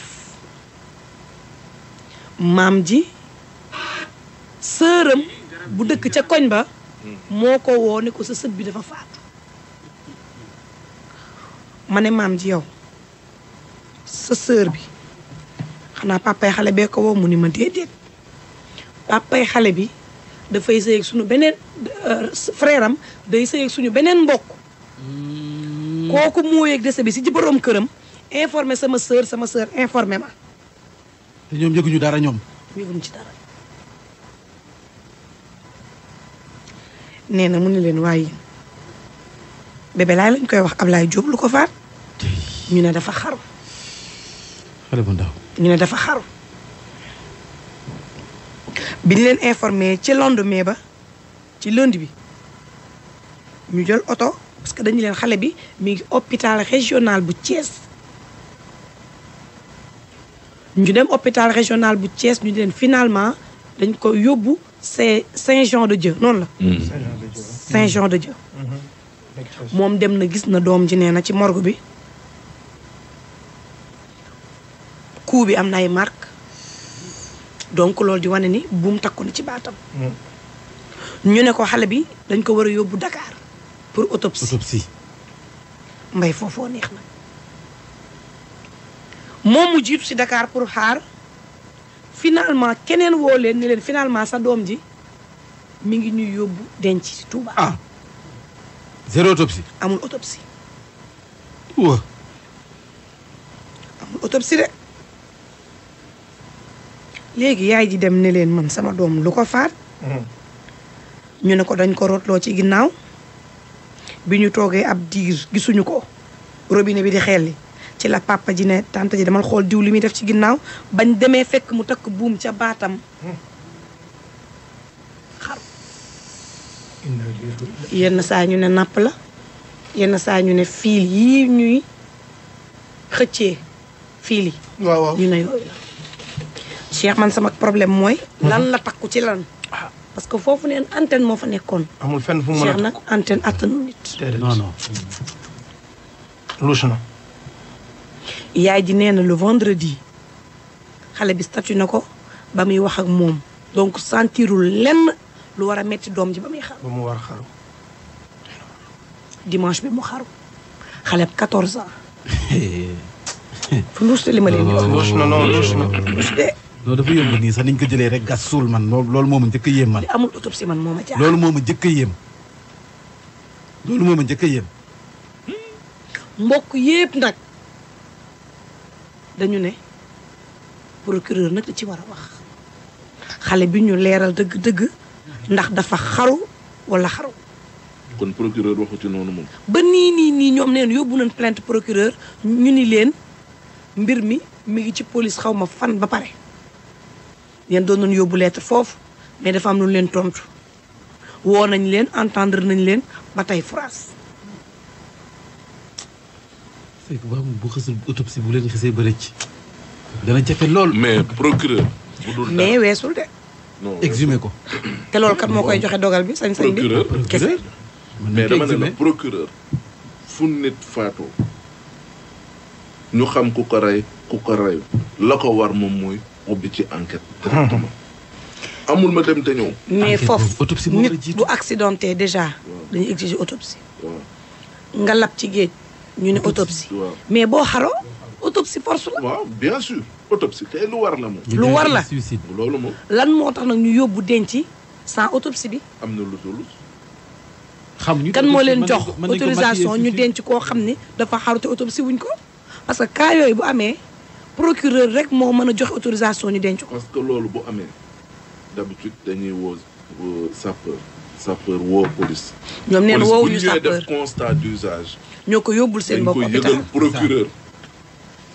maam ji sëram bu dëkk ca koñ ba moo ko woo ne ko sa sët bi dafa faatu ma ne maam ji yow sa sër bi xanaa papay xale bee ko woo mu ni ma déedéet pàppay xale bi dafay sëy ak suñu beneen euh, frère am day sëy ak suñu beneen mbokk hmm. kooku mooyeeg dese bi si ci borom këram informé sama sœur sama sœur informé ma te ñoom yëguñu dara ñoom yëguñu ci nee na mu ne leen waaye bébé laay lañ koy wax Ablaye Diop lu ko faat ñu ne dafa xaru xale bu ndaw ñu ne dafa xaru bi di leen informé ci mais ba ci lundi bi ñu jël oto parce que dañu leen xale bi mi ngi hôpital régional bu Thiès ñu dem hôpital régional bu Thiès ñu leen finalement dañ ko yóbbu c'est Saint-Jean-de-Dieu noonu la. Hmm. Saint-Jean-de-Dieu. Hmm. Hmm. moom dem na gis na doom ji nee na ci morgo bi coup bi am na ay marque donc loolu di wane ni buum takku na ci baatam. Hmm. ñu ne ko xale bi dañ ko war a yóbbu dakaar pour autopsie. autopsie. mbay foofoo neex na moom mu jiitu ci dakaar pour xaar finalement keneen woo leen ni leen finalement sa doom ji mi ngi ñuy yóbbu denc si Touba. ah zéro autopsie. amul autopsie. amul autopsie de. léegi yaay ji dem ne leen man sama doom lu ko faat hmm. ñu ne ko dañ ko rotloo ci ginnaaw bi ñu toogee ab diir gisuñu ko robine bi di xelli ci la pàppa ji ne tante ji dama xool diw li muy def ci ginnaaw bañ demee fekk mu takk buum ca baatam hmm. yenn saa ñu ne napp la yenn saa ñu ne fiil yi ñuy xëccee fiil yi ñu ne yooyu la Cheikh man sama problème mooy. Mhm. lan la takku ci lan. Ah. parce que foofu neen antenne moo fa nekkoon. amul fenn fu mu mën a Cheikh nag antenne attanu nit. non non. luus na. yaay ji nee na le vendredi xale bi statut na ko ba muy wax ak moom donc sentirul lenn lu war a metti doom ji ba muy xaru. ba mu war a xaru. dimanche bi mu xaru xale bi 14 ans. fu luus li ma leen di wax. luus na non luus na. loolu dafa yomb nii sax niñ ko jëlee rek gas man loolu moo ma njëkk a yéem man. amul autopsie man moo ma jaaxal. loolu moo ma njëkk a mbokk yépp nag dañu ne procureur nag da ci war a wax xale bi ñu leeral dëgg-dëgg ndax dafa xaru wala xaru. kon procureur waxu ci noonu moom. ba nii nii nii ñoom neen yóbbu nañ plant procureur ñu ni leen mbir mi mu ngi ci police xaw ma fan ba pare. yéen doon nañu yóbbu lettre foofu mais dafa am lu leen tontu woo nañ leen entendre nañ leen ba tey France. fekk waaw bu xasul autopsie bu leen xasee ba rëcc dana jafe lool. mais procureur. mais weesul de. exime ko. te loolu kat moo koy joxe dogal bi sañ-sañ bi. procureur procureur mais dama ne la fu nit faatoo. ñu xam ku ko rey ku ko rey la ko war moom mooy. ubbi ci amul ma dem te ñëw. mais foofu nit bu accidenté déjà. dañuy exiger autopsie. nga lab ci géej. ñu ne autopsie. mais boo xaroo autopsie force la. bien sûr autopsie lu war la lu war la loolu lan moo tax nag ñu yóbbu denci sans autopsie bi. am na lu dul. xamuñu kan moo leen jox autorisation ñu denc koo xam ni dafa xaru te autopsie wuñ ko parce que cas yooyu bu amee. procureur rek moo mën a joxe autorisation ñu denc ko. parce que loolu bu amee d'habitude dañuy woo sapeur sapeur woo police. ñoom neen woowuñu sapeur def constat ñoo ko yóbbul seen bopp hôpital dañ ko yëgal procureur.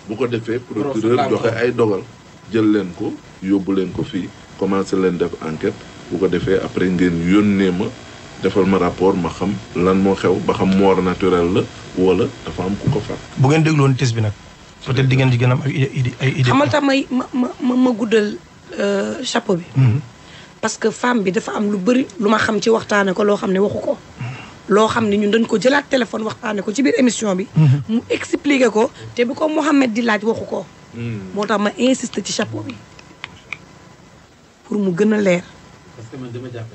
bu ko defee procureur joxe ay dogal. jël leen ko yóbbu leen ko fii commencé leen def enquête bu ko defee après ngeen yónnee ma defal ma rapport ma xam lan moo xew ba xam mort naturelle la wala dafa am ku ko faat. bu ngeen dégloon tis bi nag. peut-être di ngeen ci gën a am ay idée ay xamal tax may ma ma ma guddal euh, chapeau bi. Mm-hmm. parce que femme bi dafa am lu bëri lu ma xam ci waxtaane ko loo xam ne waxu ko. Mm-hmm. loo xam ne ñun dañ ko jëlaat téléphone waxtaane ko ci biir émission bi. Mm-hmm. mu expliqué ko te bu ko Mouhamed di laaj waxu ko. Mm. moo tax ma insiste ci chapeau bi pour mu gën a leer. parce que man dama jàpp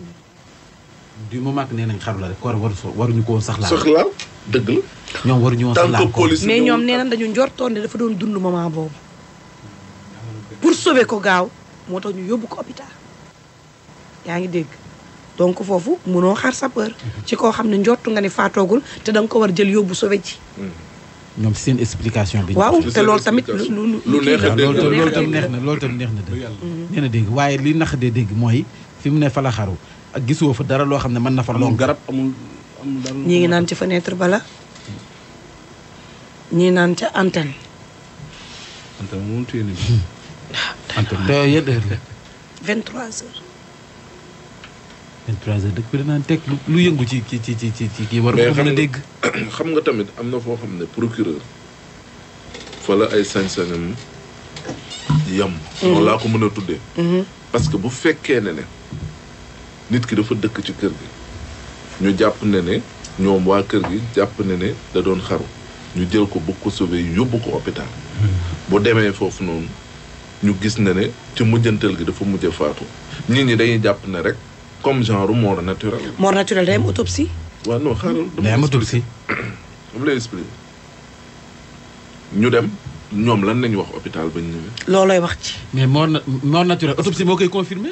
du moment que nee nañ xam la rek war waruñu ko woon sax laal. soxla dëgg la. ñoom war woon si laal ko mais ñoom nee nañ dañu njortoon ne dafa doon dund moment boobu. pour sauver ko gaaw moo tax ñu yóbbu ko hôpital. yaa ngi dégg donc foofu munoo xar sapeur. Mhm. ci koo xam ne njortu nga ne faatoogul te danga ko war jël yóbbu sauver ci. Mhm. ñoom seen explication bi. waaw te loolu tamit lu lu neex a dégg loolu na loolu tam neex na dégg. nee na dégg waaye li nax de dégg mooy fi mu ne fa la xaru ak gisoo fa dara loo xam ne mën na fa. loo garab amul ñi ngi naan ci fenêtre bala. ñii naan ca antenne. antenne moom téye nañu. antenne day yéen heure la. 23h. 23 dëkk bi danaan teg lu yëngu ci ci ci ci ci kii war. mën a dégg xam nga tamit am na foo xam ne procureur. fa la ay sañ-sañam yam. Mm-hmm. noonu ko mën a tuddee. Mm-hmm. parce que bu fekkee ne nit ki dafa dëkk ci kër gi. ñu jàpp ne ñoom waa kër gi jàpp ne da doon xaru. ñu jël ko bëgg ko sauver yóbbu ko hôpital. bu demee foofu noonu ñu gis na ne ci mujjantal gi dafa mujj faatu nit ñi dañuy jàpp ne rek comme genre mort naturelle. mort naturelle day am autopsie. waaw non xaaral day am autopsie. dama lay expliquer ñu dem ñoom lan lañu wax hôpital ba ñu ñëwee. loolooy wax ci. mais mort mort naturelle moo koy confirmé.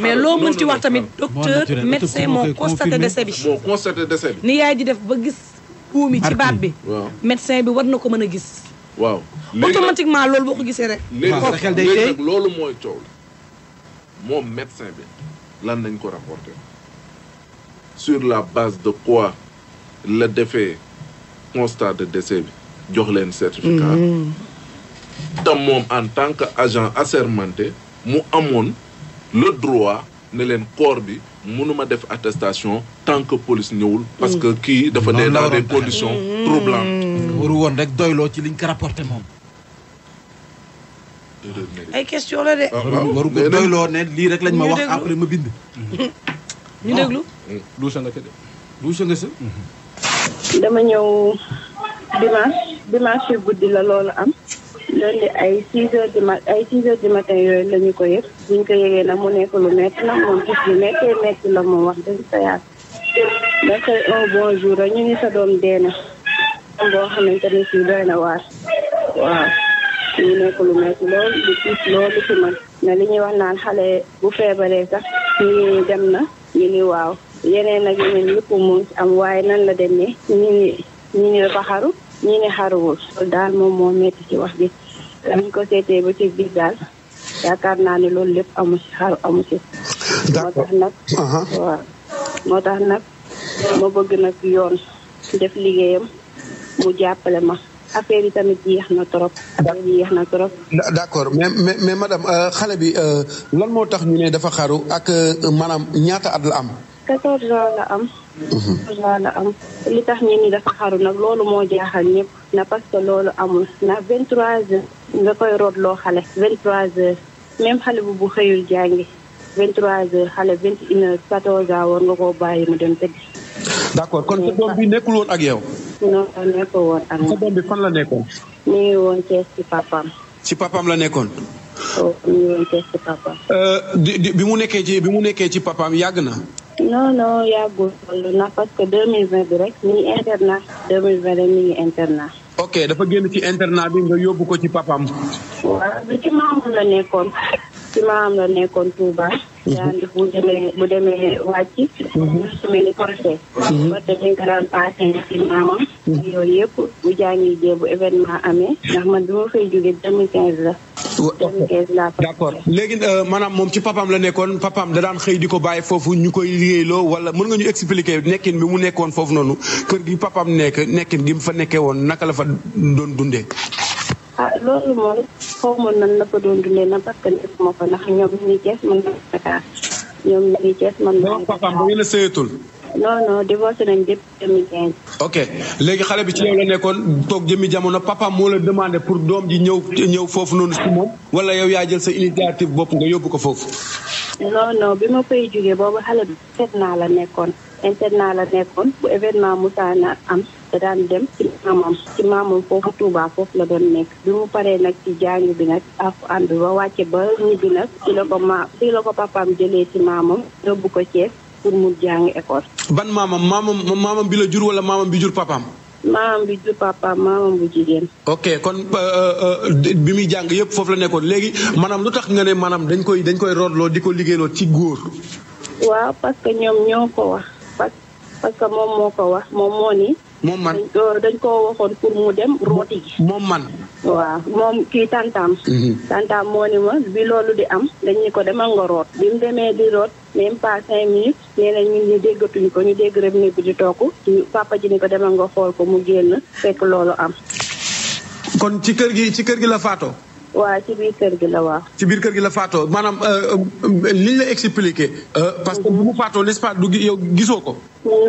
mais loo mën ci wax tamit docteur médecin moo constaté décès bi. moo constaté décès bi. ni yaay di def ba gis. puumi ci baat bi médecin bi war na ko mën a gis waaw automatiquement loolu boo ko gisee rek léegi ah, loolu mooy coow li moom médecin bi lan nañ ko rapporté sur la base de quoi la defee constat de décès bi jox leen certificat mhm. te moom en tant que agent assermenté mu amoon le droit ne leen corps bi mënuma def attestation tant que police ñëwul. parce que mm. kii dafa dee dans des conditions mm. troublantes. Mm. waru woon rek doyloo ci liñ ko rapporté moom. ay question ah, doyloo ne lii rek lañ ma wax après ma bind. ñu déglu. dama ñëw dimanche dimanche guddi la loolu am. loolu ay 6 heures du mat ay 6 heures du matin yooyu lañu ko yëg bu ko yëgee nag mu nekk lu métti nag moom gis lu méttee métti moom wax dëgg sa yaatu. dafa un bon jour rek ñu ngi sa boo xamante ne si doy na waar waaw ñu nekk lu métti loolu lu man na li ñuy wax naan xale bu feebaree sax ñu ngi dem na ñu ni waaw yeneen ak yeneen yëpp mu am waaye nan la demee ñu ngi ñu ngi ba ñi ne xaruwul daal moom moo metti ci wax bi lañ ko seetee ba ci biir daal yaakaar naa ne loolu lépp amu xaru amu ci moo tax nag moo tax nag ma bëgg nag yoon def liggéeyam mu jàppale ma affaire yi tamit yéex na trop. affaire yi yéex na trop. d' accord mais mais mais madame euh, xale bi euh, lan moo tax ñu ne dafa xaru ak euh, maanaam ñaata at la am. 14 la am. loolu am li tax ñi ni dafa xaru nag loolu moo jaaxal ñëpp na parce que loolu amul na vingt trois heures nga koy root loo xale vingt trois heures même xale bu bu xëyul jàngi vingt trois heures xale vingt une heure quatorze heures war nga koo bàyyi mu dem tëdd d'accord kon sa doom bi nekkul woon ak yow non nekkul woon ak sa doom bi fan la nekkoon ci papam ci papaam la nekkoon oh, euh, bi mu nekkee ci bi mu nekkee ci papaam yàgg na non non yàggul loolu nag parce que deux mille vingt bi rek mi internat deux mille vingt rek mi internat. ok dafa génn ci internat bi nga yóbbu ko ci papam waaw bi ci maamam la nekkoon ci maamam la nekkoon Touba. daan mhm. bu demee bu demee wàcc. Mhm. ñu ni projet. Mhm. ba tamit nga daan ci maamam. yooyu yëpp bu jàngi jéebu événement amee ndax man bi ma fay deux mille quinze la. d'accord léegi euh, maanaam moom ci papaam la nekkoon papaam da daan xëy ko bàyyi foofu ñu koy loo wala mën nga ñu expliquer nekkin bi mu nekkoon foofu noonu kër gi papaam nekk nekkin gi mu fa nekkee woon naka la fa doon dundee. ah loolu moom xaw ma nan la doon dundee na parce que a sëyatul. non non divorcé nañ depuis 2015. ok léegi xale bi ci yow la nekkoon toog jëmmi jamono papa moo la demandé pour doom ji ñëw ñëw foofu noonu si moom wala yow yaa jël sa initiative bopp nga yóbbu ko foofu. non non bi ma fay boobu xale bi internat la nekkoon internat la nekkoon bu événement musaana am da daan dem ci maamam ci maamam foofu Touba foofu la doon nekk bi mu paree nag ci jàng bi nag ak ànd ba wàcce ba ñibbi nag ci la ko ma ci la ko papaam jëlee ci maamam yóbbu ko Thiès. pour mu jàngi école. ban maamam maamam maamam bi la jur wala maamam bi jur papaam. maamam bi jur papaam maamam bu jigéen. ok kon euh, euh, bi muy jàng yëpp foofu la nekkoon léegi maanaam lu tax nga ne maanaam dañ koy dañ koy roodloo di ko liggéeyloo ci góor. waaw parce que ñoom ñoo ko wax parce que moom moo ko wax moom moo ni moom man dañ ko waxoon pour mu dem rooti gi. moom man. waaw moom kii tantaam. Mhm. tantaam moo ni ma bi loolu di am dañu ko demal nga root. bi mu demee di root même pas cinq minutes nee na ñu déggatuñu ko ñu dégg rek néeg bi di toog papa ji ni ko demal xool ko mu génn fekk loolu am. kon ci kër gi ci kër gi la faatoo. waaw ci biir kër gi la waaw. ci biir kër gi la faatoo maanaam euh, euh, liñ la expliqué. Euh, parce que bu mu faatoo n'est-ce pas du yow gisoo ko.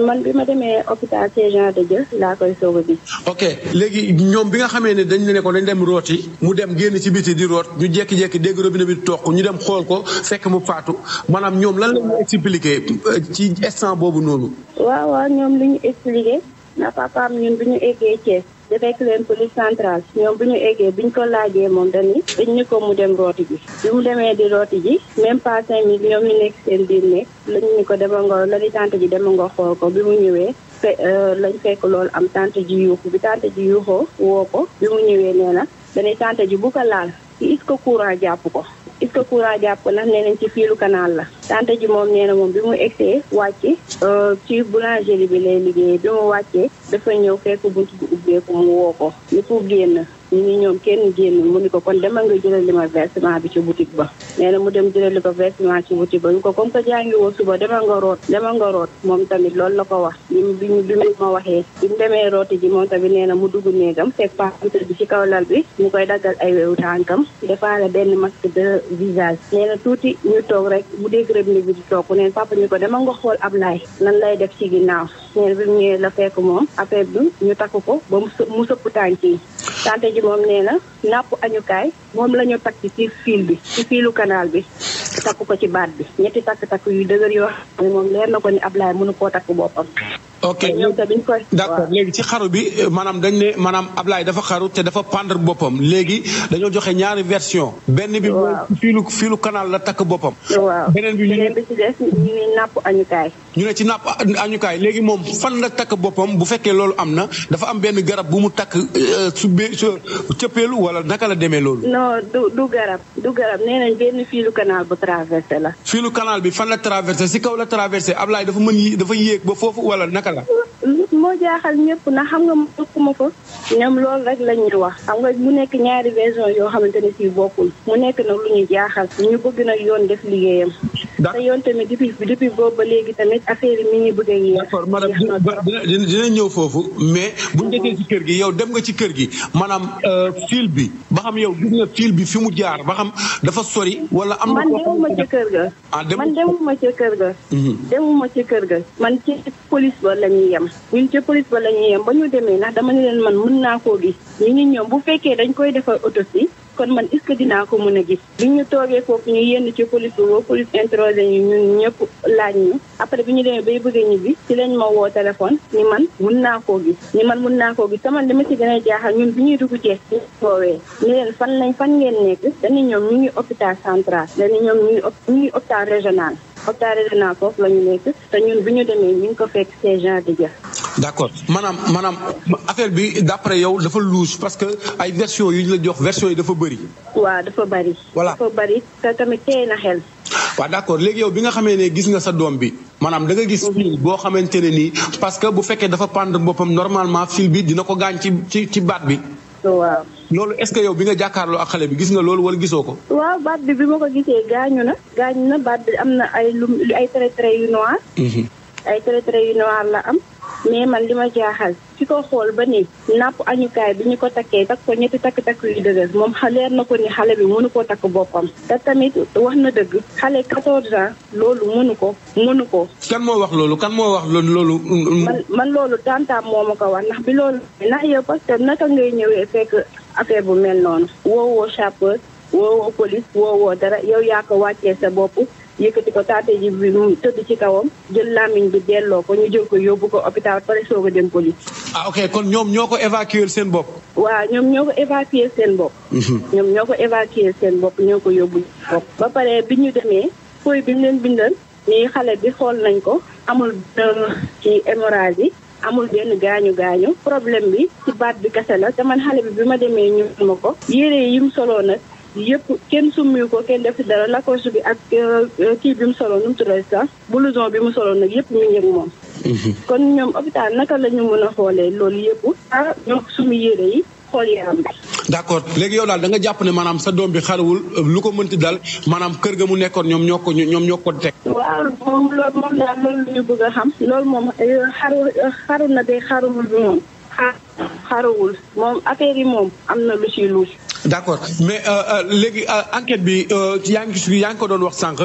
man bi ma demee hôpital Saint-Jean de Dieu laa koy soog a gis. ok léegi ñoom bi nga xamee ne dañ ne ko dañ dem rooti mu dem génn ci biti di root ñu jékki-jékki bi na bi toq ñu dem xool ko fekk mu faatu maanaam ñoom lan la ñu expliqué ci instant boobu noonu. waaw waaw ñoom li ñu expliqué na papaam ñun bu ñu eggee Thiès. fekk leen police centrale ñoom bu ñu eggee bi ñu ko laajee moom dañuy dañ ñu ko mu dem rooti ji bi mu demee di rooti ji même pas cinq minutes ñoom ñu nekk seen biir nekk lañ ñu ko dema nga la di tante ji dema nga xool ko bi mu ñëwee fe euh, lañ fekk loolu am tante ji yuuxu bi tante ji yuuxoo woo ko bi mu ñëwee nee na dañuy tante ji bu ko laal est-ce courant jàpp ko est-ce courant jàpp ko ndax nee nañ ci fiilu canal la tante ji moom nee na moom bi mu egsee wàcc euh, ci boulangerie bi lay liggéeyee bi mu wàccee dafa ñëw fekk buntu woo ko ni ko génn ñu ni ñoom kenn génn mu ni ko kon demal nga jëlal ma versement bi ci boutique ba nee mu dem jëlal li ko versement ci boutique ba comme que jàngi woo suba demal nga root demal nga root moom loolu la ko wax bi bi mu waxee bi mu demee rooti ji moom tamit nee na mu dugg néegam fekk pampitër ci kaw lal bi mu koy daggal ay wewu tànkam defaale benn masque de visage nee tuuti ñu toog rek mu dégg technique bi di toog neen papa ñu ko dama nga xool Ablaye nan lay def ci ginnaaw neen bi mu ñëwee la fekk moom affaire bi ñu takk ko ba mu sëpp tànk yi tante ji moom nee na napp añukaay moom la ñu takk ci fiil bi ci fiilu bi takk ko ci baat bi ñetti takk-takk yu dëgër yoo xam moom leer na ko ni Ablaye mënu koo takk boppam. ok ñoom tamit koy. d'accord léegi ci xaru bi euh, maanaam dañ maanaam Ablaye dafa xaru te dafa pendre boppam léegi dañoo joxe ñaari version. benn bi mooy fiilu fiilu canal la takk boppam. waaw bi ñu ne bi ci des ñu napp añukaay. ñu ne léegi moom fan la takk boppam bu fekkee loolu am na dafa am benn garab bu mu takk euh, subbee su cëppeelu wala naka la demee loolu. non du du garab du garab nee nañ benn fiilu kanaal bu traversé la. fiilu canal bi fan la traversé si kaw la traversé Ablaye dafa mën dafa yéeg ba foofu wala naka la. moo jaaxal ñëpp na xam nga mu dëkkuma fa ñam loolu rek la ñuy wax xam nga mu nekk ñaari version yoo xamante ni si bokkul mu nekk nag lu ñu jaaxal ñu bëgg nag yoon def liggéeyam. te yoon tamit bi depuis boobu ba léegi tamit affaire mi ngi bëgg a yéex. d'accord madame dina dina ñëw foofu mais. bu ñu jógee ci kër gi yow dem nga ci kër gi maanaam euh, fil bi ba xam yow gis nga fil bi fi mu jaar ba xam dafa sori. wala am na man demuma kër ga. ah dem man demuma ci kër ga. Mhm. demuma ci kër ga man ci police ba la ñuy yem. buñ ci police ba la ñuy yem ba ñu demee ndax dama ne leen man mën naa koo gis ñu ngi ñoom bu fekkee dañ koy defar si kon man est-ce ko mën a gis bi ñu toogee foofu ñu yenn ci police bi woo police introsé ñu ñun ñëpp laaj ñu après bi ñu demee bay bëgg a ñibbi ci lañ ma woo téléphone ni man mun naa koo gis ni man mun naa koo gis taman dama ci gën a jaaxal ñun bi ñuy dugg jeex ñu woowee ni leen fan lañ fan ngeen nekk dañu ñoom ñu ngi hôpital central dañu ñoom ñu ngi ñu ngi hôpital régional hôpital régional foofu la ñu nekk te ñun bi ñu demee ñu ngi ko fekk ces gens di d' accord maanaam maanaam affaire bi d' après yow dafa louche parce que ay version yu ñu la jox version yi dafa bëri. waaw dafa bari voilà dafa bëri te tamit téye na xel. waaw d' accord léegi yow bi nga xamee ne gis nga sa doom bi maanaam danga gis mhm. fil boo xamante ne nii parce que bu fekkee dafa pendre boppam normalement fil bi dina ko gaañ ci ci ci baat bi. waaw. loolu est-ce que yow bi nga jàkkaarloo ak xale bi gis nga loolu wala gisoo ko. waaw baat bi bi ma ko gisee baat bi am na ay lu mhm. la am. mais man li ma jaaxal fi ko xool ba ni napp añukaay bi ñu ko takkee takk ko ñetti takk-takk yu dëgër moom leer na ko ni xale bi mënu koo takk boppam te tamit wax na dëgg xale 14 ans loolu mënu ko mënu ko. kan moo wax loolu kan moo wax loolu. Mm, mm. man man loolu tantaam moo ma ko wax ndax bi loolu ndax yow parce na naka ngay ñëwee fekk affaire bu mel noonu woowoo sapeur woowoo police woowoo dara yow yaa ko wàccee sa bopp yëkkati ko taate ji bi mu tëdd ci kawam jël làmmiñ bi delloo ko ñu jël ko yóbbu ko hôpital pare soo ko dem police. ah ok kon ñoom ñoo ko évacuer seen bopp. waa ñoom ñoo ko évacuer seen bopp. Mhm. ñoom ñoo ko évacuer seen bopp ñoo ko yóbbu bopp. ba pare bi ñu demee fooy bi mu leen bindal nii xale bi xool nañ ko amul ci hémorragie yi. amul benn gaañu gaañu problème bi ci baat bi kese la te man xale bi bi ma demee ñu ma ko yére yi mu soloo nag yépp kenn summiwu ko kenn def dara lacoste bi ak euh, kii bi mu solo nu mu tuddati sax blouson bi mu solo nag yëpp mi ngi moom. Mhm. kon ñoom hôpital naka la ñu mën a xoolee loolu yëpp ah ñoom summi yére yi. xool d' accord léegi yow daal da nga jàpp ne maanaam sa doom bi xarawul lu ko mënti dal maanaam kër ga mu nekkoon ñoom ñoo ko ñoom ñoo ko teg. waaw moom loolu moom daal loolu lu ñu bëgg a xam. loolu moom euh, xaru xaru na de xaruwul bi moom xaruwul moom yi moom am na lu ciy luus. d' accord mais euh, euh, léegi euh, enquête bi yaa ngi su yaa ngi ko doon wax sànq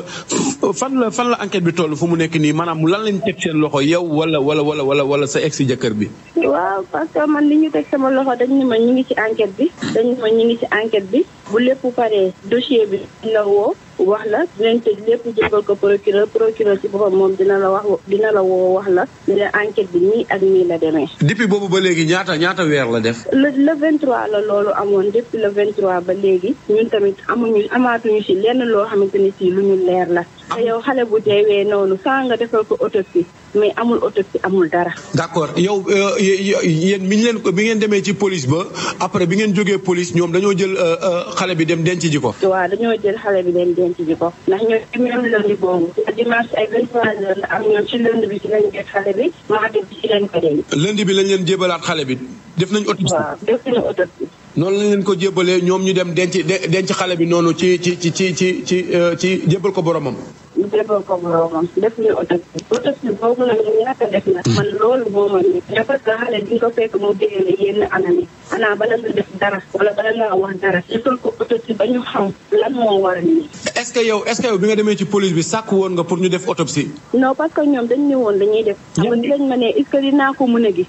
fan la fan la enquête bi toll fu mu nekk nii maanaam lan lañ teg seen loxo yow wala wala wala wala sa ex jëkkër bi. waaw parce man li ñu teg sama loxo dañ ne ma ñu ngi ci enquête bi. dañ ne ma ñu ngi ci enquête bi. bu lépp paree dossier bi dina woo wax la dinañ te lépp jégal ko procureur procureur ci boppam moom dina la wax dina la woo wax la ne la enquête bi nii ak nii la demee. depuis boobu ba léegi ñaata ñaata weer la def. la le 23 la loolu amoon depuis le 23 ba léegi ñun tamit amuñu amaatuñu si lenn loo xamante ni si lu ñu leer la. te yow xale bu deewee noonu saa nga defal ko autopsie mais amul autopsie amul dara. d' accord yow euh, yéen mi leen ko bi ngeen demee ci police ba après bi ngeen jógee police ñoom dañoo jël euh, euh, xale bi dem denc ji ko. waaw dañoo jël xale bi dem denc ji ko. ndax ñoom ci même lundi boobu. dimanche ay vingt trois heures la am bi ci lañ bi mardi bi ci bi lañ leen jébalaat xale bi def nañ autopsie. waaw def noonu lañ leen ko jébbalee ñoom ñu dem denc denc xale bi noonu ci ci ci ci ci ci euh, jébbal ko boromam. ñu defal ko boroomam def ñu autopsie autopsie boobu nag ñu ñàkk a def nag man loolu boo ma nekk dafa xale di ko fekk mu déggee yenn anam yi xanaa bala nga def dara wala bala ngaa wax dara defal ko autopsie ba ñu xam lan moo war a nii est-ce que yow bi nga demee ci police bi sàkk woon nga pour ñu def autopsie non parce que ñoom dañ ne woon dañuy def xam nga lañ ma ne est-ce que dinaa ko mën a gis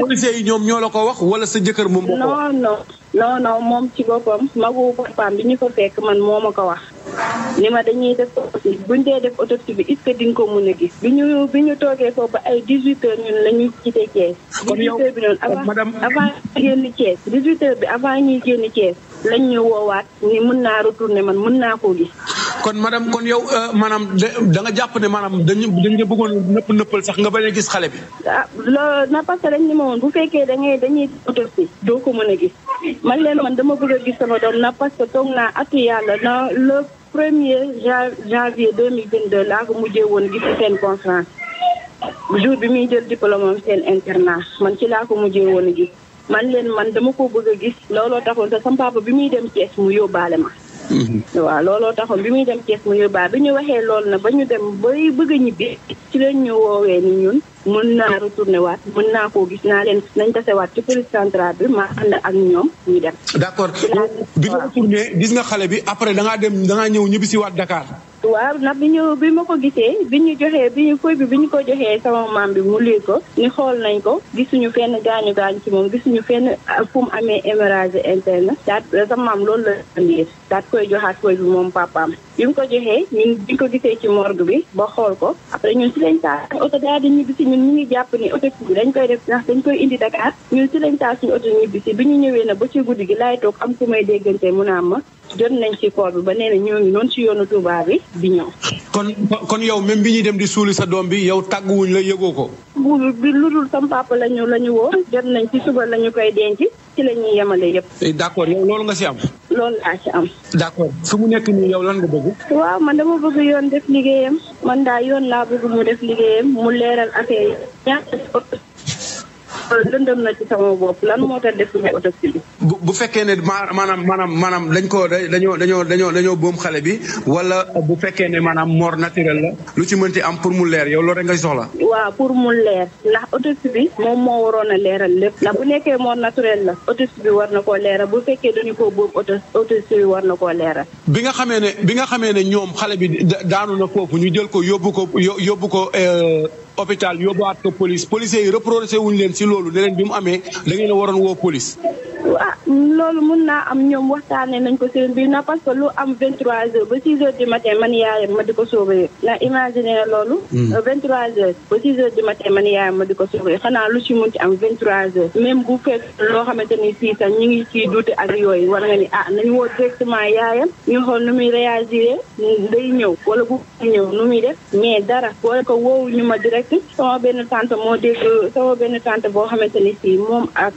policiers yi ñoom ñoo la ko wax wala sa jëkkër moom moo ko non non moom ci boppam magu papaam bi ñu ko fekk man moo ma ko wax ni ma dañuy def autopsie buñ dee def autopsie bi est que di nga ko mën a gis bi ñu bi ñu toogee foofu ba ay dix-huit heures ñun la ñuy quitté Thiès dix yow heures bi noonu avant avant génn Thiès dix-huit heures bi avant ñuy génn Thiès lañ ñu woowaat ni mën naa retourner man mën naa koo gi kon madame kon yow euh, maanaam da nga jàpp ne maanaam dañu dañu bëggoon nëpp nëppal sax nga bañ a gis xale bi ah loolu na parce dañ ni ma bu fekkee da dañuy autopsie doo ko mën a gis man leen man dama bëgg a gis sama doom na parce que toog naa atu yàlla na le premier janvier deux mille vingt deux laa ko mujjee woon gis seen conférence jour bi muy jël diplôme am seen internat man ci laa ko mujjee woon a gis man leen man dama ko bëgg a gis looloo taxoon te sama papa bi muy dem Thiès mu yóbbaale ma waaw looloo taxul bi muy dem Thiès mu yóbbaa bi ñu waxee lool na ba ñu dem bay bëgg a ñibbi ci leen ñu woowee ni ñun mën naa retourné waat mën naa koo gis naa leen nañ tasewaat ci police centrale bi ma ne ak ñoom ñu dem. d'accord bi nga retourné gis nga xale bi après da ngaa dem da ñëw ñibbisi waat Dakar. waaw ndax bi ñu bi ma ko gisee bi ñu joxee bi ñu fooy bi ñu ko joxee sama maam bi mu lii ko ni xool nañ ko gisuñu fenn gaañu gaañu ci moom gisuñu fenn ah, fu mu amee hémorragie interne daat sama maam loolu la liir daat koy joxaat fooy bi moom papaam bi mu ko joxee ñun bi ko gisee ci morgue bi ba xool ko après ñun si lañ taal suñu oto daal di ñibbi si ñun ñu ngi jàpp ni oto bi dañ koy def ndax dañ koy indi Dakar ñun si lañ taal suñu oto ñibbi bi ñu ñëwee nag ba ci guddi gi laay toog am ku may déggante mu naan ma jot nañ ci koor bi ba nee na ngi noonu ci yoonu Touba bi di ñëw. kon kon yow même bi ñuy dem di suuli sa doom bi yow tàgguwuñ la yëgoo ko. bu bi lu dul sama papa lañu lañu woo jot nañ ci suba lañu koy denc ci la ñuy yemale yëpp. Eh, d' accord yow loolu nga si am. loolu laa ci am. d' accord su mu nekk nii yow lan nga bëgg. waaw man dama bëgg yoon def liggéeyam man daa yoon laa bëgg mu def liggéeyam mu leeral affaire yi lëndëm na ci sama bopp lan moo tax def ñu autopsie bi. bu bu fekkee ne maanaam maanaam maanaam dañ koo dañoo dañoo dañoo dañoo boom xale bi wala bu fekkee ne maanaam moor naturelle la lu ci mënti am pour mu leer yow loolu rek nga soxla. waaw pour mu leer ndax autopsie bi moom moo waroon a leeral lépp ndax bu nekkee mort naturelle la autopsie bi war na koo leeral bu fekkee dañu koo boom autopsie bi war na koo leeral. bi nga xamee ne bi nga xamee ne ñoom xale bi daanu na foofu ñu jël ko yóbbu ko yóbbu ko. Euh, hôpital yóbbuwaat ko police policiers yi reproché wuñ leen si loolu ne leen bi mu amee da ngeen a waroon woo police. waaw ah, loolu mun naa am ñoom waxtaanee nañ ko seen biir na parce que lu am 23h ba ma di ko sauver ndax imaginer loolu. 23 hmm. euh, ba 6h du matin man yaayam ma di ko sauver xanaa lu ci mun ci am 23h. même bu fekk loo xamante ni fii sax ñu ngi ciy duuti ak yooyu war nga ni ah nañu woo directement yaayam ñu xool nu muy réagir day ñëw wala bu ñëw nu muy def mais sama benn tànt moo dégg sama benn tànt boo xamante ni si moom ak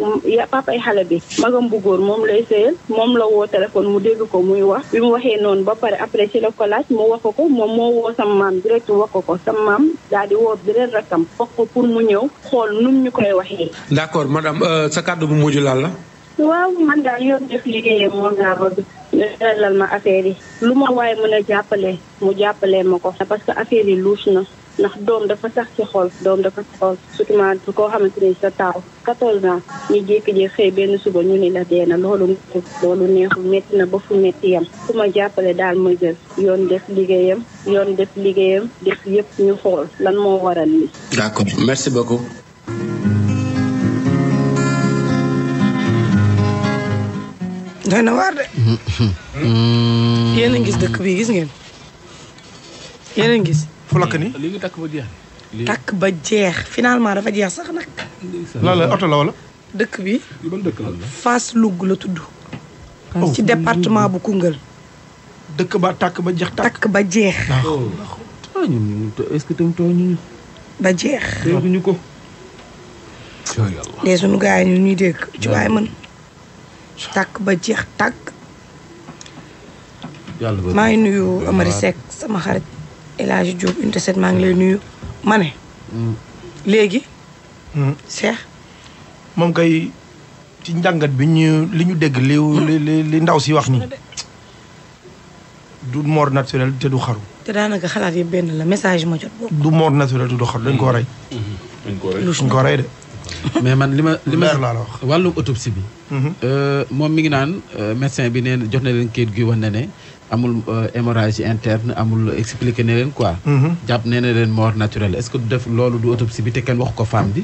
papay xale bi magam bu góor moom lay sëyal moom la woo téléphone mu dégg ko muy wax bi mu waxee noonu ba pare après ci la ko laaj mu wax ko moom moo woo sama maam direct wax ko sama maam daal di woo beneen rakam wax ko pour mu ñëw xool num ñu koy waxee. d'accord madame euh, sa kàddu bu mujj laal la. waaw man daal yoon def liggéeyam moom laa bëgg ñu leeralal ma affaire yi lu ma waaye mën a jàppale mu jàppale ma ko parce que affaire yi luus na ndax doom dafa sax ci xool doom dafa ci xol surtout ma koo xamante ni sa taaw 14 ans ñu jékki-jékki xëy benn suba ñu ni la dee na loolu loolu neexul métti na ba fu métti yam ku ma jàppale daal ma jël yoon def liggéeyam yoon def liggéeyam def yëpp ñu xool lan moo waral li d'accord merci na waar de. Hmm, hmm. yéen a gis dëkk bi gis ngeen yéen a gis. fu lakk ni léegi takk ba jeex. takk ba jeex finalement dafa jeex sax nag. lan la oto la wala. dëkk bi. ban dëkk la Lugg la tudd. Oh. ci département bu Koungheul. dëkk ba takk ba jeex takk. ba jeex. Ah. Oh. est-ce que jeex. dégguñu ko. de sunu yi ñu ñuy dégg ci waay mën. takk ba jeex takk. maa ngi nuyu Amary Seck sama xarit. El Hadj Diouf unité ngi lay nuyu ma mm. léegi. Mm. Cheikh. moom kay ci njàngat bi ñu li ñu dégg li mm. li li ndaw si wax nii. du mort naturel te du xaru. te daanaka xalaat yi benn la message ma jot. du mort naturel te du xaru dañ ko rey. Mm-hmm. dañ de. mais man li ma li ma la wax wàllum autopsie bi. Mm-hmm. Euh, moom mi ngi naan euh, médecin bi neen na jot na leen kayit gi wax na ne. amul euh, hémorragie interne amul expliqué ne leen quoi. Mhm. jàpp nee na leen est-ce que du def loolu du autopsie te kenn wax ko femme bi.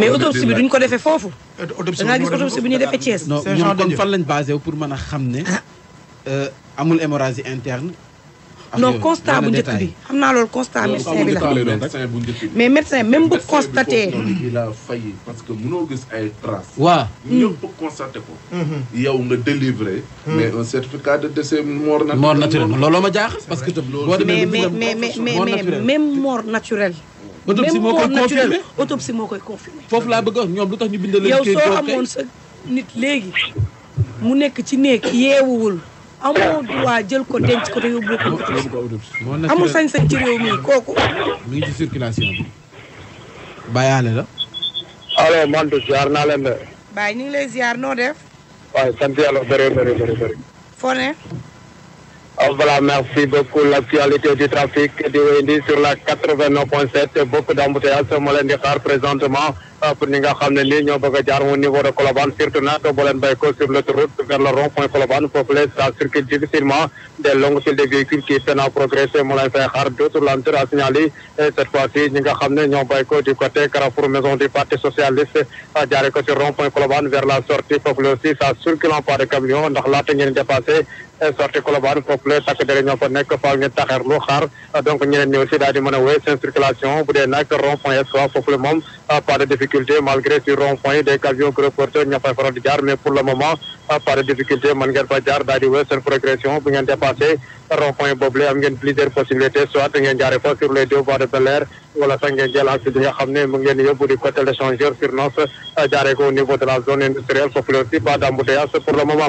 mais autopsie duñ ko defee foofu. autopsie da ngaa gis autopsie bi defee Thiès. non ñoom lañ basé pour mën xam ne euh, amul hémorragie interne. non constat bu njëkk bi xam naa loolu constat médecin bi la mais médecin même bu constaté. il a failli parce que mënoo gis ay traces. waaw ñëpp constaté ko. Mm-hmm. yow nga délivré. Mm-hmm. mais un certificat de décès mort naturel. mort naturel looloo ma jaaxal parce que. loolu mais mais mais même mort naturelle. autopsie moo koy confirmé autopsie moo koy confirmé. foofu laa bëgg a wax ñoom lu tax ñu bind leen. yow soo amoon sa nit léegi mu nekk ci néeg yeewuwul. amoo droit jël ko denc ko te yóbbu ko autopsie amul sañ-sañ ci réew mi kooku. mi ngi ci circulation bi. bàyyaale la. allo Mantou ziar naa leen de. Baye ñu ngi lay ziar noo def. waaye sant yàlla bëri bëri bëri bëri. foo ne. Ah, voilà merci beaucoup l' actualité du trafic di wéyandi sur la 89.7 beaucoup d' embouteillage moo leen di xaar présentement. Euh, pour ñi nga xam ne lii ñoo bëgg a niveau de Colobane surtout nag boo leen bàyyi ko sur vers le rond point Colobane foofule ça circule difficilement des longues de véhicules qui peinent progresser mu lay fay xaar d'autres à signaler cette fois-ci ñi nga xam ne ñoo bàyyi ko du côté Carrefour maison du parti socialiste euh, jaaree sur rond point vers la sortie foofule aussi ça circule pas de camion euh, donc ñeneen ñi aussi daal di mën pas de difficulté malgré sur rond-point yi des camions gros porteurs ñoo fay mais pour le moment pas de difficulté mën ngeen fa jaar daal di wéy progression bu ngeen dépassé rond-point boobule am plusieurs possibilités soit ngeen jaaree fa sur les deux voies de Bel Air wala sax ngeen jël axe bi nga xam ne mu ngeen yóbbu di sur Nos jaaree au niveau de la zone industrielle foofu la aussi pas d'embouteillage pour le moment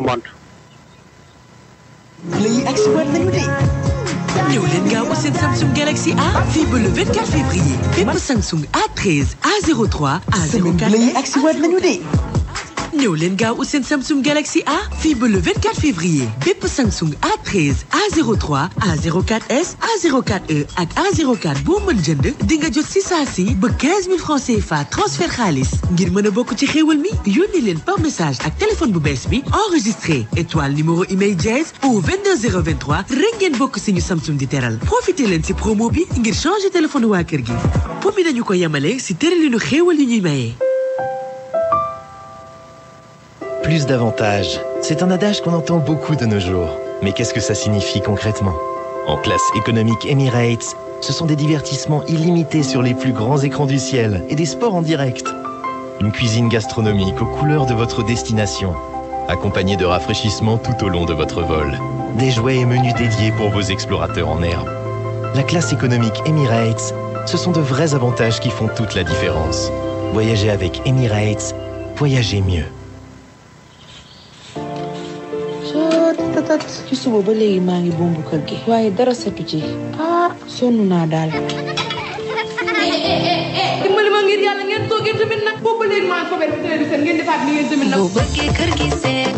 ñëw leen gaaw u seen Samsung Galaxy A fii ba le 24 février bépp Samsung A13 A03 A04 ak si waat nañu ñëw leen gaaw ut seen Samsung Galaxy A fii ba le 24 février bépp Samsung A13 a s a e ak A04 boo mën jënd di nga jot si saa si ba 15 000 francs CFA transfert xaalis ngir mën a bokk ci xéewal mi yónni leen par message ak téléphone bu bees bi enregistré étoile numéro email jazz au 22023 rek ngeen bokk si ñu Samsung di teral profité leen si promo bi ngir changer téléphone waa kër gi po mi nañu ko yemale si tëralinu xéewal yi ñuy maye. plus d'avantages. C'est un adage qu'on entend beaucoup de nos jours. Mais qu'est-ce que ça signifie concrètement En classe économique Emirates, ce sont des divertissements illimités sur les plus grands écrans du ciel et des sports en direct. Une cuisine gastronomique aux couleurs de votre destination, accompagnée de rafraîchissements tout au long de votre vol. Des jouets et menus dédiés pour vos explorateurs en herbe. La classe économique Emirates, ce sont tatatat ci suba ba léegi maa ngi bombu kër gi waaye dara setu ci ah sonn naa daal dimbali ma ngir yàlla ngeen maa ko benn télévision ngeen defaat ni ngeen tamit nag boo kër gi seet